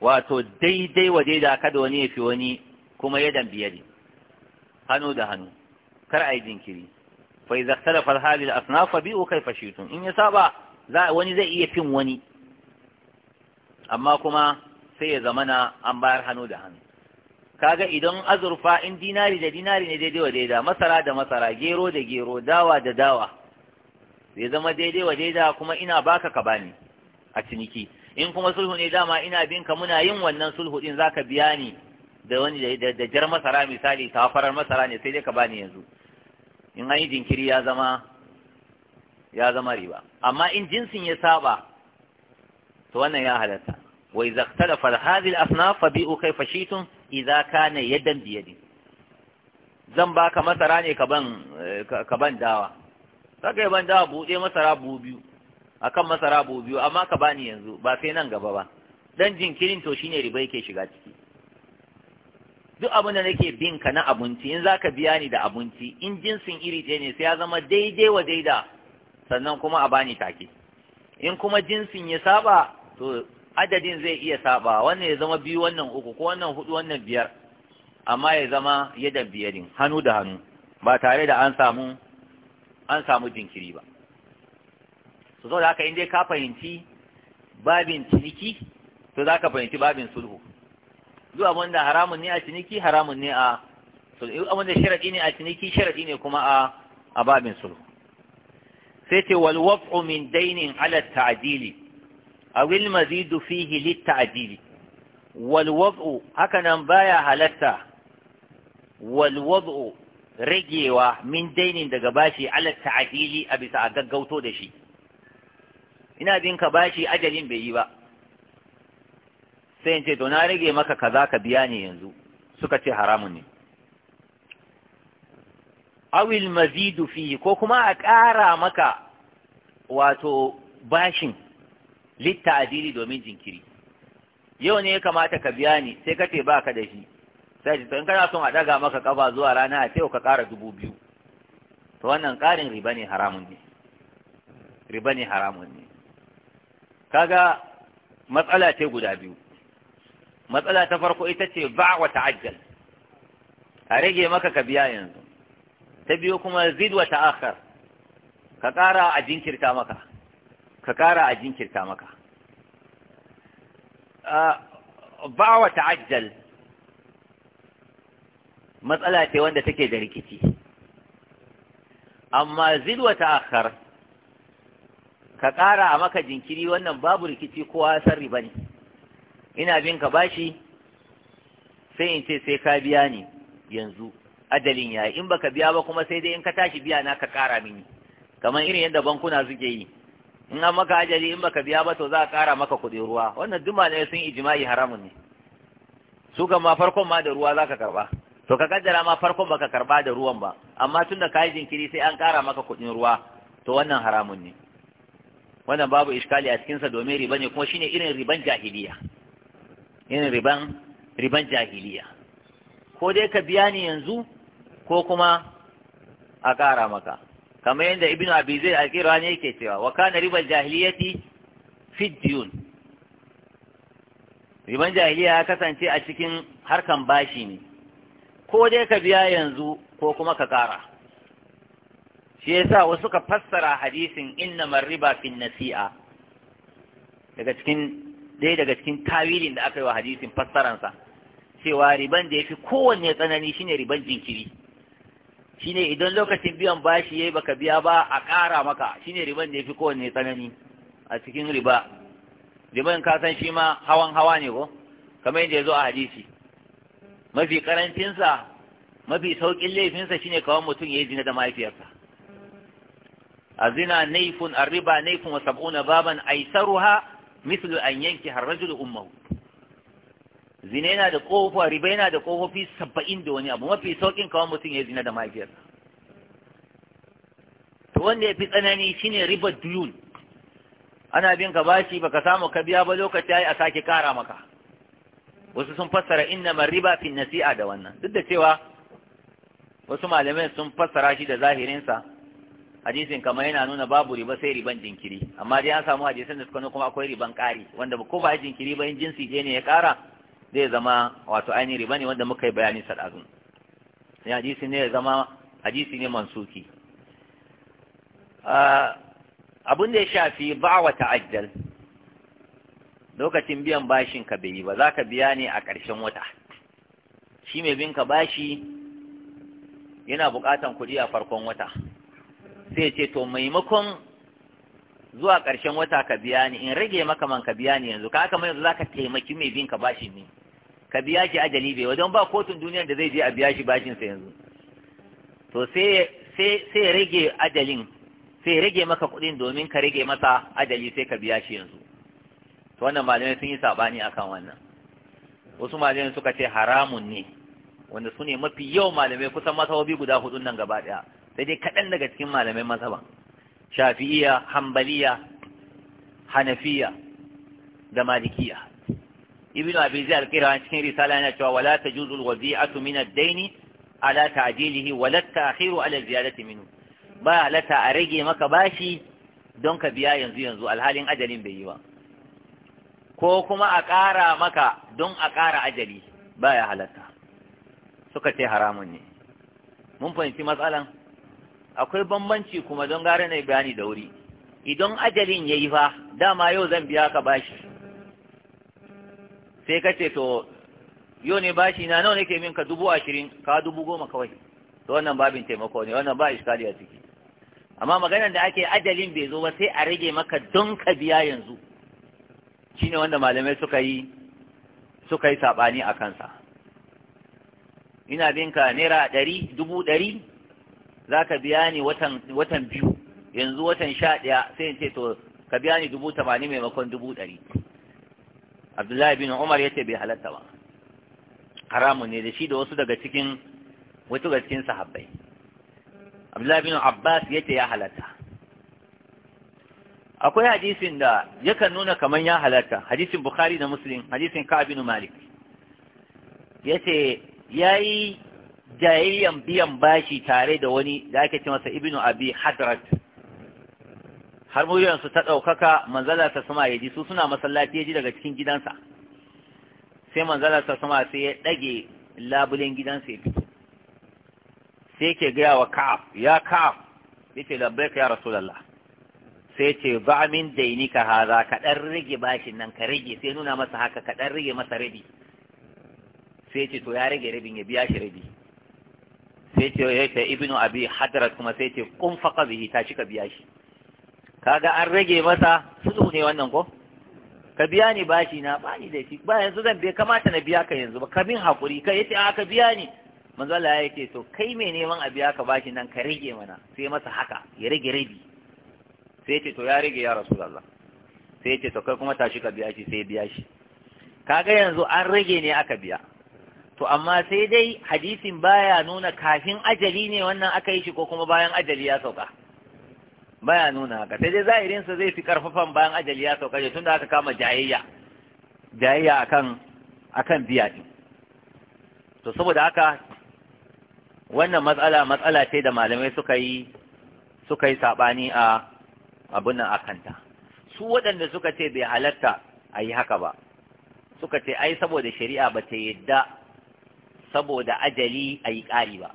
wato daidai wa daida kada wani ya fi wani kuma yadan hannu da hannu kar a yi jinkiri fa idza ikhtalafa al al-asnaf fa bi'u kayfa in ya saba wani zai iya fin wani amma kuma sai ya zamana an bayar hannu da hannu kaga idan azurfa in dinari da dinari ne daidai wa daida masara da masara gero da gero dawa da dawa zai zama daidai wa daida kuma ina baka ka bani a ciniki in kuma sulhu ne dama ina bin ka muna yin wannan sulhu din zaka biya ni da wani da jar masara misali ta farar masara ne sai dai ka bani yanzu in an yi jinkiri ya zama ya zama riba amma in jinsin ya saba to wannan ya halatta wa idza ikhtalafa hadhihi al-asnaf fa bi'u kayfa shi'tum idza kana yadan bi yadin zan baka masara ne ka ban ka ban dawa saka ban dawa buɗe masara bu biyu akan masara bu biyu amma ka bani yanzu ba sai nan gaba ba dan jinkirin to shine riba yake shiga ciki duk abin da nake bin ka na abinci in zaka biya ni da abinci in jinsin iri ɗaya ne sai ya zama daidai wa daida sannan kuma a bani take in kuma jinsin ya saba to adadin zai iya saba wannan ya zama biyu wannan uku ko wannan hudu wannan biyar amma ya zama yadda biyarin hannu da hannu ba tare da an samu an samu jinkiri ba su saboda haka haka dai ka fahimci babin ciniki to za ka fahimci babin sulhu duk abin da haramun ne a ciniki haramun ne a sulhu duk abin da sharadi ne a ciniki sharadi ne kuma a a babin sulhu sai ce wal waf'u min dainin ala ta'dili aw al mazid fihi lit ta'dili wal waf'u haka nan baya halatta wal waf'u ragewa min dainin daga bashi ala ta'dili a bisa a gaggauto da shi ina bin ka bashi ajalin bai yi ba sai in ce to na rage maka kaza ka biya ni yanzu suka ce haramun ne awil mazidu fihi ko kuma a ƙara maka wato bashin litta litta'adili domin jinkiri yau ne ya kamata ka biya ni sai ka ce ba ka da shi sai ce to in kana son a daga maka kafa zuwa rana a ce ka ƙara dubu biyu to wannan ƙarin riba ne haramun ne riba ne haramun ne kaga matsala ce guda biyu matsala ta farko ita ce ba wa ta'ajjal a rage maka ka biya yanzu ta biyu kuma zid wa ta'akhar ka ƙara a jinkirta maka ka ƙara a jinkirta maka ba wa ta'ajjal matsala ce wanda take da rikici amma zid wa ta'akhar ka ƙara a maka jinkiri wannan babu rikici kowa sarri ba ne ina bin ka bashi sai in ce sai ka biya ni yanzu adalin yayi in baka biya ba kuma sai dai in ka tashi biya na ka kara mini kamar irin yadda bankuna suke yi in an maka ajali in baka biya ba to za a kara maka kuɗin ruwa wannan duk ne sun ijma'i haramun ne su ga ma farkon ma da ruwa za ka karba to ka kaddara ma farkon baka karba da ruwan ba amma tun da kayi jinkiri sai an kara maka kuɗin ruwa to wannan haramun ne wannan babu iskali a cikinsa domin riba ne kuma shine irin riban jahiliya yin riban riban jahiliya ko dai ka biya ni yanzu ko kuma a ƙara maka kamar yadda ibnu abi zai alƙira ne yake cewa wa kana riban jahiliyati fi diyun riban jahiliya ya kasance a cikin harkan bashi ne ko dai ka biya yanzu ko kuma ka ƙara shi yasa wasu ka fassara hadisin innamar riba fin nasi'a daga cikin ɗaya daga cikin tawilin da aka yi wa hadisin fassaransa cewa riban da ya fi kowanne tsanani shine riban jinkiri shine idan lokacin biyan bashi yayi baka biya ba a ƙara maka shine riban da ya fi kowanne tsanani a cikin riba riban ka san shi ma hawan hawa ne ko kamar yadda ya zo a hadisi mafi karancinsa mafi sauƙin laifinsa shine kawai mutum ya yi zina da mahaifiyarsa a zina naifun a riba naifun wa sab'una baban aisaruha mislu an yanki har rajul ummahu zina yana da kofa riba yana da kofofi saba'in da wani abu mafi saukin kawai mutum ya zina da mahaifiyar to wanda ya fi tsanani shine riba duyun ana bin ka bashi baka samu ka biya ba lokaci ai a sake kara maka wasu sun fassara innama riba fi nasi'a da wannan duk da cewa wasu malamai sun fassara shi da zahirinsa hadisin kamar yana nuna babu riba sai riban jinkiri amma dai an samu hadisin da suka nuna kuma akwai riban ƙari wanda ko ba jinkiri ba in jinsi ɗaya ne ya ƙara zai zama wato ainihin riba ne wanda muka yi bayani sadazun sai hadisin ne ya zama hadisi ne mansuki abin da ya shafi ba wa ta'ajjal lokacin biyan bashin ka bai ba za ka biya ne a ƙarshen wata shi mai bin ka bashi yana buƙatan kuɗi a farkon wata sai ce to maimakon zuwa ƙarshen wata ka biya ni in rage maka man ka biya ni yanzu ka haka yanzu yanzu zaka taimaki mai bin ka bashi ne ka biya shi ajali bai wajen ba kotun duniyar da zai je a biya shi bashin sa yanzu to sai sai rage ajalin sai rage maka kuɗin domin ka rage masa ajali sai ka biya shi yanzu to wannan malamai sun yi sabani akan wannan wasu malamai suka ce haramun ne wanda su ne mafi yau malamai kusan masahobi guda hudun nan gaba ɗaya sai dai kaɗan daga cikin malamai mazhaban shafi'iya hambaliya hanafiya da malikiya ibnu abi zai alƙira cikin risala yana cewa wala tajuzu alwadi'atu min ad-dayn ala ta'jilihi wala ta'khiru ala ziyadati minhu ba halatta a rage maka bashi don ka biya yanzu yanzu alhalin ajalin bai yi ba ko kuma a ƙara maka don a ƙara ajali ba ya halatta suka ce haramun ne mun fahimci matsalan akwai bambanci kuma don gara na bayani da wuri idan ajalin ya yi fa dama yau zan biya ka bashi sai ka ce to yau ne bashi na nawa nake min ka dubu ashirin ka dubu goma kawai to wannan babin taimako ne wannan ba iskali a ciki amma maganar da ake ajalin bai zo ba sai a rage maka don ka biya yanzu shine wanda malamai suka yi suka yi saɓani a kansa ina binka naira ɗari dubu ɗari za ka biya ni watan biyu yanzu watan sha ɗaya sai ce to ka biya ni dubu tamanin maimakon dubu ɗari abdullahi bin umar ya ce bai halatta ba haramun ne da shi da wasu daga cikin wasu daga cikin sahabbai abdullahi bin abbas ya ce ya halatta akwai hadisin da yakan nuna kamar ya halatta hadisin bukhari da muslim hadisin ka bin malik ya ce ya yi jayayyan biyan bashi tare da wani da ake ce masa ibnu abi hadrat har su ta ɗaukaka manzala ta sama ya ji su suna masallaci ya ji daga cikin gidansa sai manzala ta sama sai ya dage labulen gidansa ya fito sai ke gaya wa ka'af ya ka'af Yace ce ya rasulullah sai ce ba min daini ka haza ka rage bashin nan ka rage sai nuna masa haka ka dan rage masa rabi sai ce to ya rage rabin ya biya shi rabi sai ce ya ta ibnu abi hadrat kuma sai ce kun faqa bihi ta ka biya shi kaga an rage masa sudu ne wannan ko ka biya ni bashi na ba ni da shi ba yanzu zan bai kamata na biya ka yanzu ba ka min hakuri ka yace a ka biya ni manzo Allah ya ce to kai me neman a biya ka bashi nan ka rage mana sai masa haka ya rage rabi sai ce to ya rage ya rasulullah sai ce to kai kuma tashi ka biya shi sai biya shi kaga yanzu an rage ne aka biya to amma sai dai hadisin baya nuna kafin ajali ne wannan aka yi shi ko kuma bayan ajali ya sauka baya nuna haka sai dai zahirinsa zai fi karfafan bayan ajali ya sauka ne tunda aka kama jayayya jayayya akan akan biya din to saboda haka wannan matsala matsala ce da malamai suka yi suka yi sabani a abin nan akanta su waɗanda suka ce bai halatta a yi haka ba suka ce ai saboda shari'a ba ta yadda saboda ajali a yi ƙari ba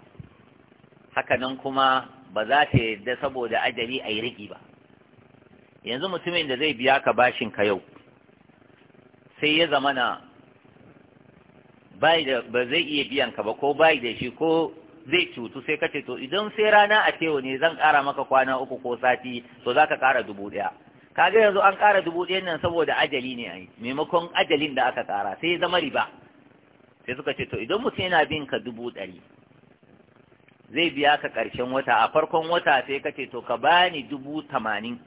hakanan kuma ba za ta yadda saboda ajali a yi riƙi ba yanzu mutumin da zai biya ka bashin ka yau sai ya zama na, ba zai iya biyan ka ba ko bai da shi ko zai cutu sai ka ce to idan sai rana a tewa ne zan ƙara maka kwana uku ko sati to za ka ƙara dubu ɗaya kaga yanzu an ƙara dubu ɗaya nan saboda ajali ne a yi maimakon ajalin da aka ƙara sai ya zama riba sai suka ce to idan mutum yana bin ka dubu ɗari zai biya ka ƙarshen wata a farkon wata sai ka ce to ka bani dubu tamanin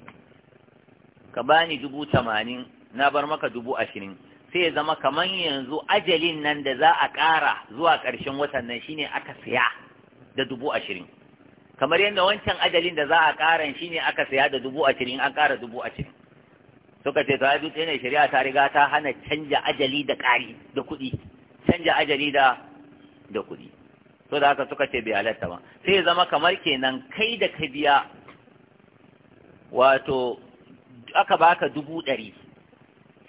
ka bani dubu tamanin na bar maka dubu ashirin sai ya zama kamar yanzu ajalin nan da za a ƙara zuwa ƙarshen watan nan shine aka siya da dubu ashirin kamar yadda wancan ajalin da za a ƙara shine aka siya da dubu ashirin an ƙara dubu ashirin suka ce to ya dutse ne shari'a ta riga ta hana canja ajali da ƙari da kuɗi canja ajali da da kuɗi so da haka suka ce bai halatta ba sai zama kamar kenan kai da ka biya wato aka baka dubu ɗari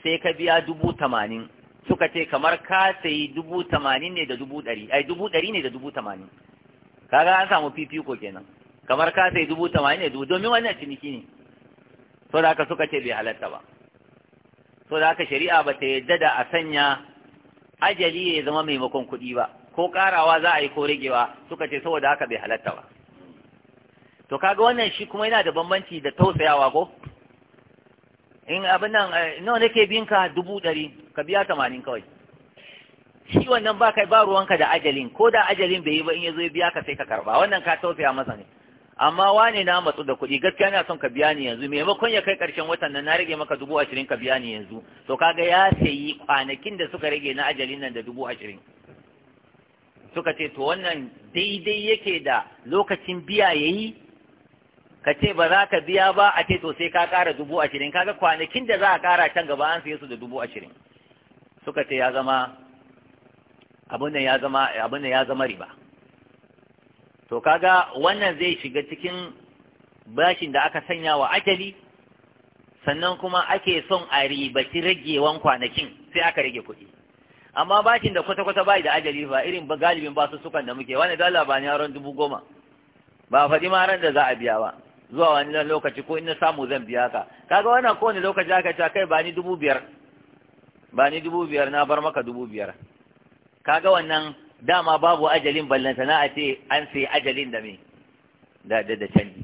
sai ka biya dubu tamanin suka ce kamar ka sayi dubu tamanin ne da dubu ɗari ai dubu ɗari ne da dubu tamanin kaga an samu fifiko kenan kamar ka sayi dubu tamanin ne dubu domin wannan ciniki ne so da haka suka ce bai halatta ba so da haka shari'a ba ta yadda da a sanya ajali ya zama maimakon kuɗi ba ko ƙarawa za a yi ko ragewa suka ce saboda haka bai halatta ba to kaga wannan shi kuma yana da bambanci da tausayawa ko in abin nan eh, nawa nake bin ka dubu ɗari ka biya tamanin kawai shi wannan ba kai ba ruwanka da ajalin ko da ajalin bai yi ba in ya zo ya biya ka sai ka karba wannan ka tausaya masa ne amma wane na matsu da kuɗi gaskiya na son ka biya ni yanzu maimakon ya kai ƙarshen watan nan na rage maka dubu ashirin ka biya ni yanzu to kaga ya sayi kwanakin da suka rage na ajalin nan da dubu ashirin suka ce to wannan daidai yake da lokacin biya ya yi ka ce ba za ka biya ba a ce to sai ka ƙara dubu ashirin kaga kwanakin da za a ƙara can gaba an sayi su da dubu ashirin suka ce ya zama abin ya zama riba to kaga wannan zai shiga cikin bashin da aka sanya wa ajali sannan kuma ake son a ribaci ragewan kwanakin sai aka rage kuɗi amma bashin da kwata-kwata bai da ajali ba irin ba galibin ba su sukan da muke wani dala ba ne yaron dubu goma ba faɗi ma ran da za a biya ba zuwa wani dan lokaci ko in na samu zan biya ka kaga wannan kowane lokaci aka ce kai ba ni dubu biyar ba ni dubu biyar na bar maka dubu biyar kaga wannan dama babu ajalin na a ce an sai ajalin da me da da canji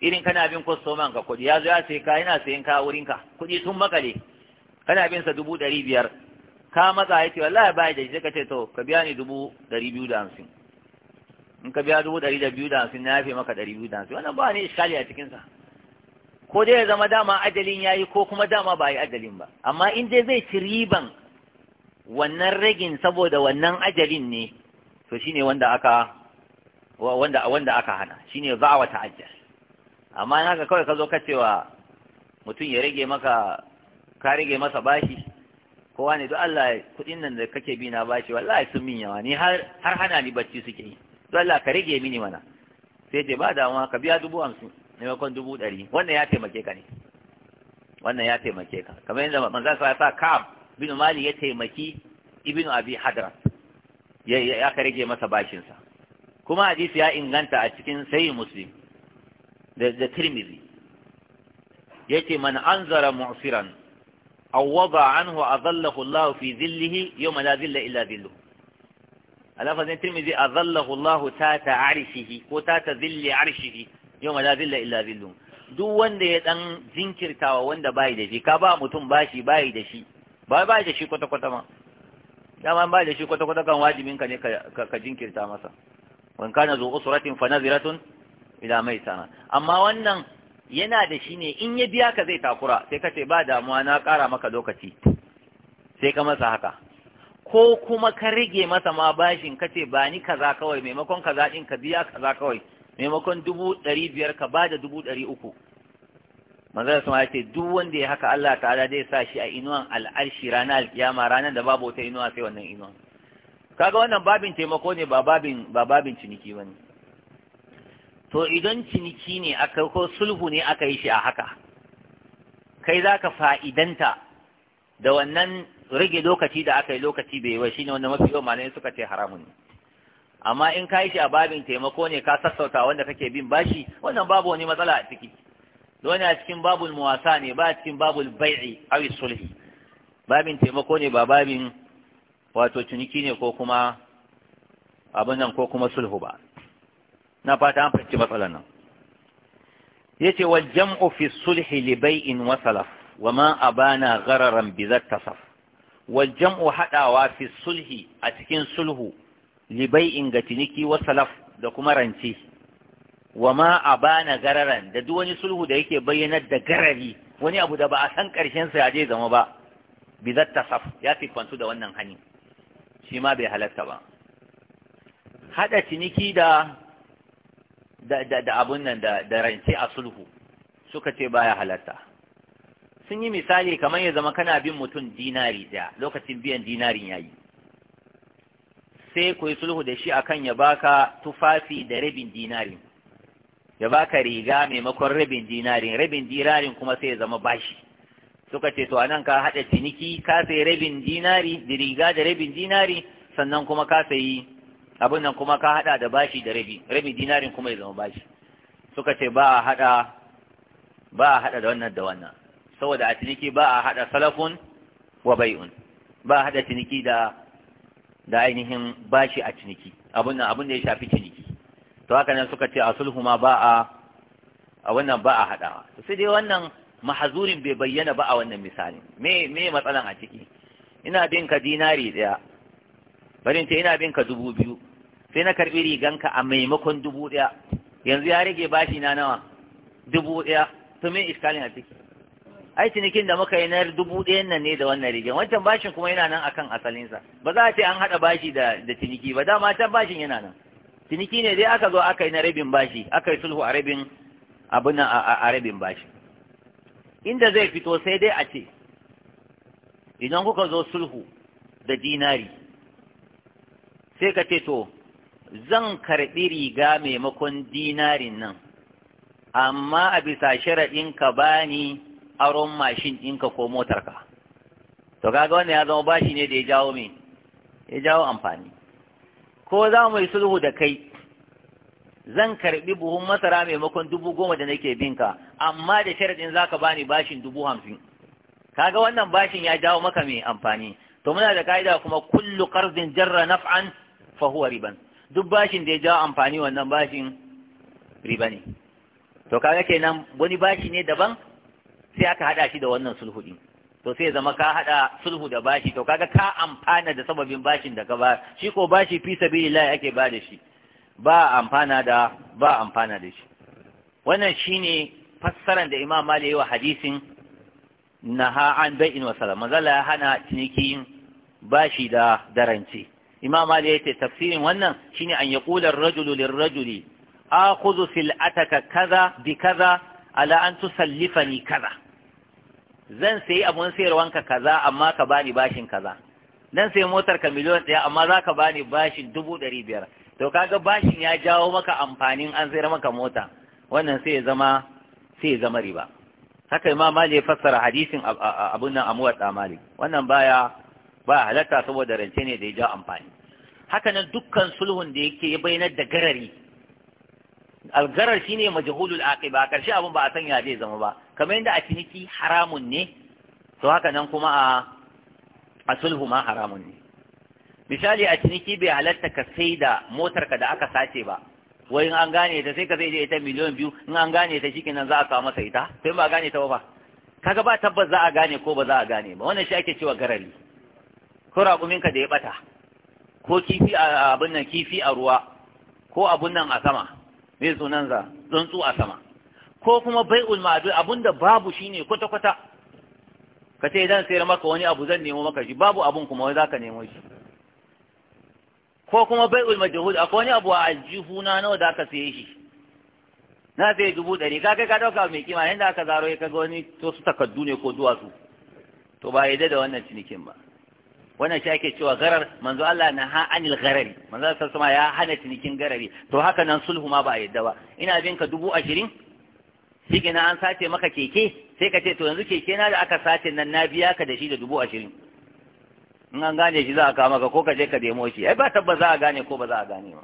irin kana bin kwastoman ka kuɗi ya zo ya sai ka yana sayin ka wurin ka kuɗi sun makale kana bin sa dubu ɗari biyar ka matsa ya ce wallahi ba ya shi ka ce to ka biya ni dubu ɗari biyu da hamsin in ka biya dubu ɗari da biyu da hamsin na yafe maka ɗari biyu da hamsin wannan ba ne iskali a cikinsa ko dai ya zama dama ajalin ya yi ko kuma dama ba yi ajalin ba amma in dai zai ci riban wannan ragin saboda wannan ajalin ne to shine wanda aka wanda wanda aka hana shine za'awa ta'ajjal amma in haka kawai ka zo ka cewa mutum ya rage maka ka rage masa bashi kowa ne to Allah kudin nan da kake bi na bashi wallahi sun min yawa ni har har hana ni bacci suke yi to Allah ka rage mini mana sai dai ba damuwa ka biya dubu hamsin maimakon dubu ɗari wannan ya taimake ka ne wannan ya taimake ka kamar yadda manzan sa ya sa kam bin mali ya taimaki ibn abi hadrat ya aka rage masa bashinsa kuma hadisi ya inganta a cikin sayi muslim da da tirmidhi yace man anzara mu'siran aw wada anhu adallahu Allah fi dhillihi yawma la dhilla illa dhilluhu alafazin tirmidhi adallahu Allah ta arshihi ko ta ta dhilli arshihi yawma la dhilla illa dhilluhu duk wanda ya dan jinkirtawa wanda bai da shi ka ba mutum bashi bai da shi ba ba da shi kwata-kwata ma dama ba da shi kwata-kwata kan wajibin ka ne ka jinkirta masa wan kana zo usratin fa naziratun ila mai sana amma wannan yana da shi ne in ya biya ka zai takura sai ka ce ba damuwa na ƙara maka lokaci sai ka masa haka ko kuma ka rage masa ma bashin ka ce ba ni kaza kawai maimakon kaza din ka biya kaza kawai maimakon dubu ɗari biyar ka ba da dubu ɗari uku manzo sun ce duk wanda ya haka Allah ta'ala zai sa shi a inuwan al'arshi ranar alkiyama ranar da babu wata inuwa sai wannan inuwan kaga wannan babin taimako ne ba babin ba babin ciniki bane to idan ciniki ne aka ko sulhu ne aka yi shi a haka kai zaka fa'idanta da wannan rage lokaci da aka yi lokaci bai wa shine wanda mafi yawan malamai suka ce haramun ne amma in ka yi shi a babin taimako ne ka sassauta wanda kake bin bashi wannan babu wani matsala a ciki wani a cikin babul muwasa ne ba a cikin babul bai'i awi sulhi babin taimako ne ba babin wato ciniki ne ko kuma abin nan ko kuma sulhu ba na fata an fahimci matsalar nan yace wal jam'u fi sulhi li bai'in wa salaf wa ma abana ghararan bi zakasaf wal jam'u hadawa fi sulhi a cikin sulhu li bai'in ga ciniki wa salaf da kuma ranci. wa ma a bana gararan da duk wani sulhu da yake bayyanar da garari wani abu da ba a san ƙarshen sa ya je zama ba bi tasaf ya fi kwantu da wannan hani shi ma bai halarta ba Haɗa ciniki da da da, da abun nan da rance a sulhu suka ce baya halarta. sun yi misali kamar ya zama kana bin mutum dinari daya lokacin biyan dinarin yayi sai ku yi sulhu da shi akan ya baka tufafi da rabin dinarin ya baka riga maimakon rabin dinarin rabin dinarin kuma sai ya zama bashi suka ce to anan ka haɗa ciniki ka sai rabin dinari da riga da rabin dinari sannan kuma ka sayi abin nan kuma ka haɗa da bashi da rabi rabin dinarin kuma ya zama bashi suka ce ba a haɗa ba a da wannan da wannan saboda a ciniki ba a haɗa salafun wa bai'un ba a haɗa ciniki da da ainihin bashi a ciniki abin nan abin da ya shafi ciniki to haka ne suka ce a sulhu ma ba a a wannan ba a haɗawa to sai dai wannan mahazurin bai bayyana ba a wannan misali me me matsalan a ciki ina bin ka dinari ɗaya barin ce ina bin ka dubu biyu sai na karɓi riganka a maimakon dubu ɗaya yanzu ya rage bashi na nawa dubu ɗaya to me iskalin a ciki ai cinikin da muka yi na dubu ɗayan nan ne da wannan rigen wancan bashin kuma yana nan akan asalinsa ba za a ce an haɗa bashi da ciniki ba dama can bashin yana nan ciniki ne dai aka zo aka yi na rabin bashi aka yi sulhu a rabin abin a rabin bashi inda zai fito sai dai a ce idan kuka zo sulhu da dinari sai ka ce to zan karɓi riga maimakon dinarin nan amma a bisa sharaɗin ka bani aron mashin ɗinka ko motarka to kaga wannan ya zama bashi ne da ya jawo me ya jawo amfani ko za mu yi sulhu da kai zan karɓi buhun masara maimakon dubu goma da nake binka amma da sharaɗin za ka bani bashin dubu hamsin kaga wannan bashin ya jawo maka mai amfani to muna da ka'ida kuma kullu qarzin jarra naf'an fa huwa riban duk bashin da ya jawo amfani wannan bashin riba ne to kaga kenan wani bashi ne daban sai aka haɗa shi da wannan sulhu din to sai zama ka hada sulhu da bashi to kaga ka amfana da sababin bashin da ka ba shi ko bashi fi sabilillah ake ba da shi ba amfana da ba amfana da shi wannan shine fassaran da Imam Malik yayi wa hadisin naha an bai'in wa salam manzo ya hana cinikin bashi da daranci Imam Malik yace tafsirin wannan shine an yaqula ar rajul lir rajul akhudhu sil'ataka kaza bi kaza ala an tusallifani kaza zan sayi abun sayarwanka kaza amma ka bani bashin kaza dan sayi motar ka miliyon ɗaya amma za ka bani bashin dubu ɗari biyar to kaga bashin ya jawo maka amfanin an sayar maka mota wannan sai ya zama sai zama riba haka ma mali ya fassara hadisin abun nan amuwar da mali wannan baya ba halatta saboda rance ne da ya jawo amfani haka nan dukkan sulhun da yake ya bayyana da garari algarar shine majhulul aqiba karshe abun ba a sanya zai zama ba kamar yadda a ciniki haramun ne to haka nan kuma a a sulhu ma haramun ne misali a ciniki bai halatta ka sai da motarka da aka sace ba wai in an gane ta sai ka sai da ita miliyan biyu in an gane ta shikenan za a kawo masa ita sai ba gane ta ba kaga ba tabbas za a gane ko ba za a gane ba wannan shi ake cewa garari ko ka da ya bata ko kifi a abin nan kifi a ruwa ko abun nan a sama me sunan za tsuntsu a sama ko kuma bai'ul ma'adu abinda babu shine kwata-kwata ka ce zan sayar maka wani abu zan nemo maka shi babu abun kuma wani zaka nemo shi ko kuma bai'ul majhul akwai wani abu a na, nawa ka saye shi na sai dubu ɗari ka kai ka ɗauka mai kima yadda aka zaro ya kaga wani to su takaddu ne ko duwatsu to ba yadda da wannan cinikin ba wannan shi ake cewa garar manzo Allah na ha anil garari manzo Allah sama ya hana cinikin garari to haka nan sulhu ma ba yadda ba ina bin ka dubu ashirin shi gina an sace maka keke sai ka ce to yanzu keke na da aka sace nan na biya ka da shi da dubu ashirin in an gane shi za a kama ka, ko ka je ka demo shi ai ba tabbas za a gane ko ba za a gane ba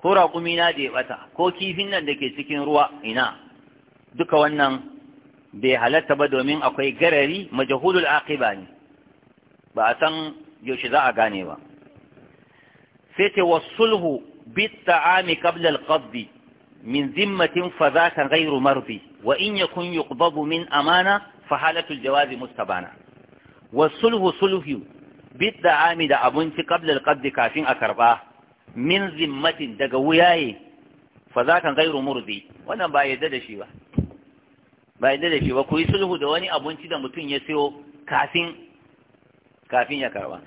ko raƙumi na da ya ɓata ko kifin nan da ke cikin ruwa ina duka wannan bai halatta ba domin akwai garari majahulul aqiba ne ba a san yaushe za a gane ba sai ce wasulhu bit ta'ami qabla al-qabdi min zimmatin fa zaka ghairu mardi wa in yakun yuqdabu min amana fa halatul jawazi mustabana wa sulhu sulhu bid da'ami da abinci qabla al kafin a karba min zimmatin daga wuyaye fa zaka ghairu murdi wannan ba yadda da shi ba ba yadda da shi ba ku yi sulhu da wani abinci da mutum ya siyo kafin kafin ya karba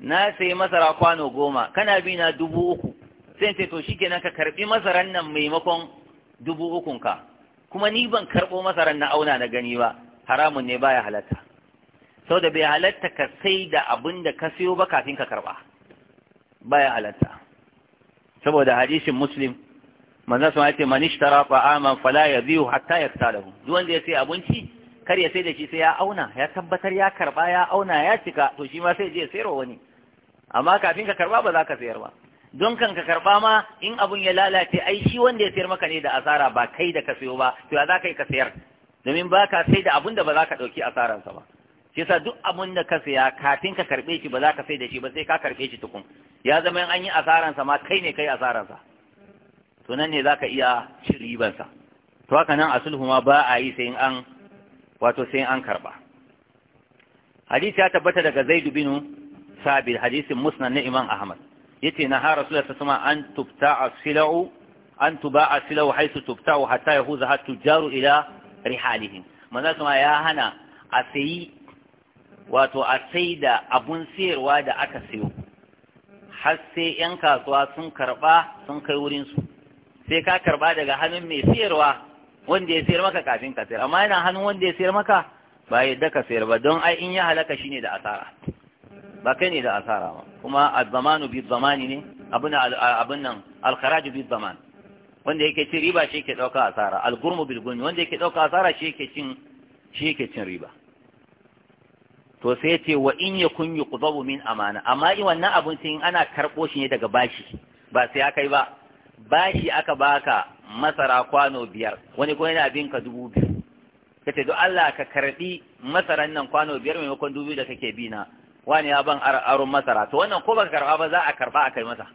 na sayi masara kwano goma kana bi na dubu uku sai ce to shikenan ka karbi masaran nan maimakon dubu ukun ka kuma ni ban karbo masaran na auna na gani ba haramun ne baya halatta sau da bai halatta ka sai da abin da ka siyo ba kafin ka karba baya halatta saboda hadisin muslim manzo sun ce man ishtara ta'aman fala yabihu hatta yaktalahu duk wanda ya sai abinci kar ya sai da shi sai ya auna ya tabbatar ya karba ya auna ya cika to shi ma sai je sayarwa wani amma kafin ka karba ba za ka sayar ba don kan ka karɓa ma in abun ya lalace ai shi wanda ya sayar maka ne da asara ba kai da ka sayo ba to ya za ka yi ka sayar domin ba ka sai da abun da ba za ka ɗauki asararsa ba shi yasa duk abun da ka saya kafin ka karɓe shi ba za ka sai da shi ba sai ka karɓe shi tukun ya zama in an yi asararsa ma kai ne kai asararsa to nan ne za ka iya cin ribansa to haka nan a sulhu ma ba a yi sai in an wato sai an karɓa hadisi ya tabbata daga zaidu bin sabir hadisin musnad na imam ahmad yace na harasu rasulullah sallallahu alaihi an tubta'a sila'u an a sila'u haythu tubta'u hatta yahuzaha tujaru ila rihalihin manzo kuma ya hana a sayi wato a sai da abun sayarwa da aka sayo har sai yan kasuwa sun karba sun kai wurin su sai ka karba daga hannun mai sayarwa wanda ya sayar maka kafin ka sayar amma yana hannun wanda ya sayar maka ba yadda ka sayar ba don ai in ya halaka shine da asara ba kai ne da asara ba kuma azamanu bi zamani ne abin nan al bi zaman wanda yake cin riba shi yake dauka asara al bil gurmi wanda yake dauka asara shi yake cin shi yake cin riba to sai ya ce wa in yakun yuqdabu min amana amma in wannan abun sai ana karbo shi ne daga bashi ba sai akai ba bashi aka baka masara kwano biyar wani ko yana bin ka dubu biyu ka ce Allah ka karbi masaran nan kwano biyar maimakon dubu da kake bi na wani ya ban aron masara to wannan ko baka karba ba za a karba a kai masa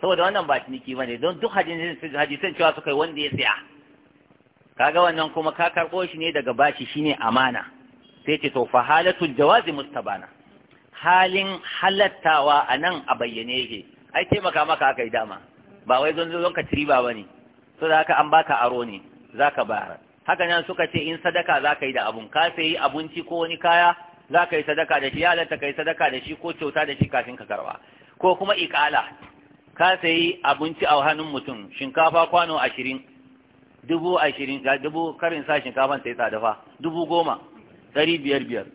saboda wannan ba ciniki bane don duk hadisan cewa suka yi wanda ya saya kaga wannan kuma ka karbo shi ne daga bashi shine amana sai ce to fa halatul jawazi mustabana halin halattawa anan a bayyane yake ai taimaka maka aka yi dama ba wai don zo ka triba bane so da haka an baka aro ne zaka ba haka nan suka ce in sadaka zaka yi da abun ka sayi abinci ko wani kaya za ka yi sadaka da shi ya halatta ka yi sadaka da shi ko kyauta da shi kafin ka karba ko kuma ikala ka sayi abinci a hannun mutum shinkafa kwano ashirin dubu ashirin ga dubu karin sa shinkafan sai tsada dubu goma ɗari biyar biyar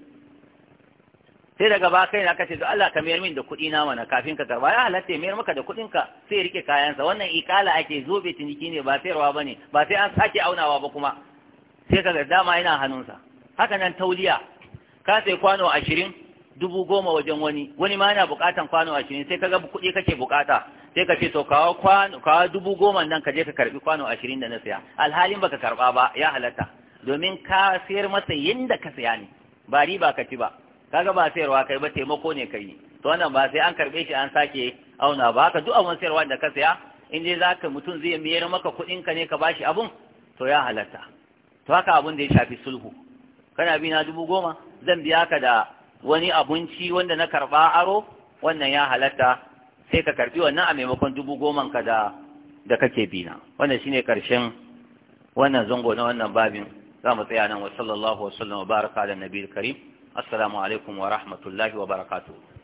sai daga ba kai na kace to Allah ka mayar min da kuɗi na mana kafin ka karba ya halatta mayar maka da kuɗin ka sai rike kayansa wannan ikala ake zobe ciniki ne ba sayarwa bane ba sai an sake aunawa ba kuma sai kaga dama yana hannunsa haka nan tauliya ka sai kwano ashirin dubu goma wajen wani wani ma yana bukatan kwano ashirin sai kaga kuɗi kake bukata sai ka ce to kawo kwano kawo dubu goma nan ka je ka karbi kwano ashirin da na saya alhalin baka karba ba ya halatta domin ka sayar masa yanda ka saya ne ba riba ka ci ba kaga ba sayarwa kai ba taimako ne kai to wannan ba sai an karbe shi an sake auna ba haka duk abun sayarwa da ka saya in dai zaka mutum zai miyar maka kuɗin ka ne ka bashi abun to ya halatta to haka abun da ya shafi sulhu kana bi na dubu goma zan biya ka da wani abinci wanda na karɓa aro wannan ya halatta sai ka karɓi wannan a maimakon dubu goma ka da da kake bina. na wannan shine karshen wannan zango na wannan babin za mu tsaya nan wa sallallahu wa sallam wa baraka da nabiyil karim assalamu alaikum wa rahmatullahi wa barakatuh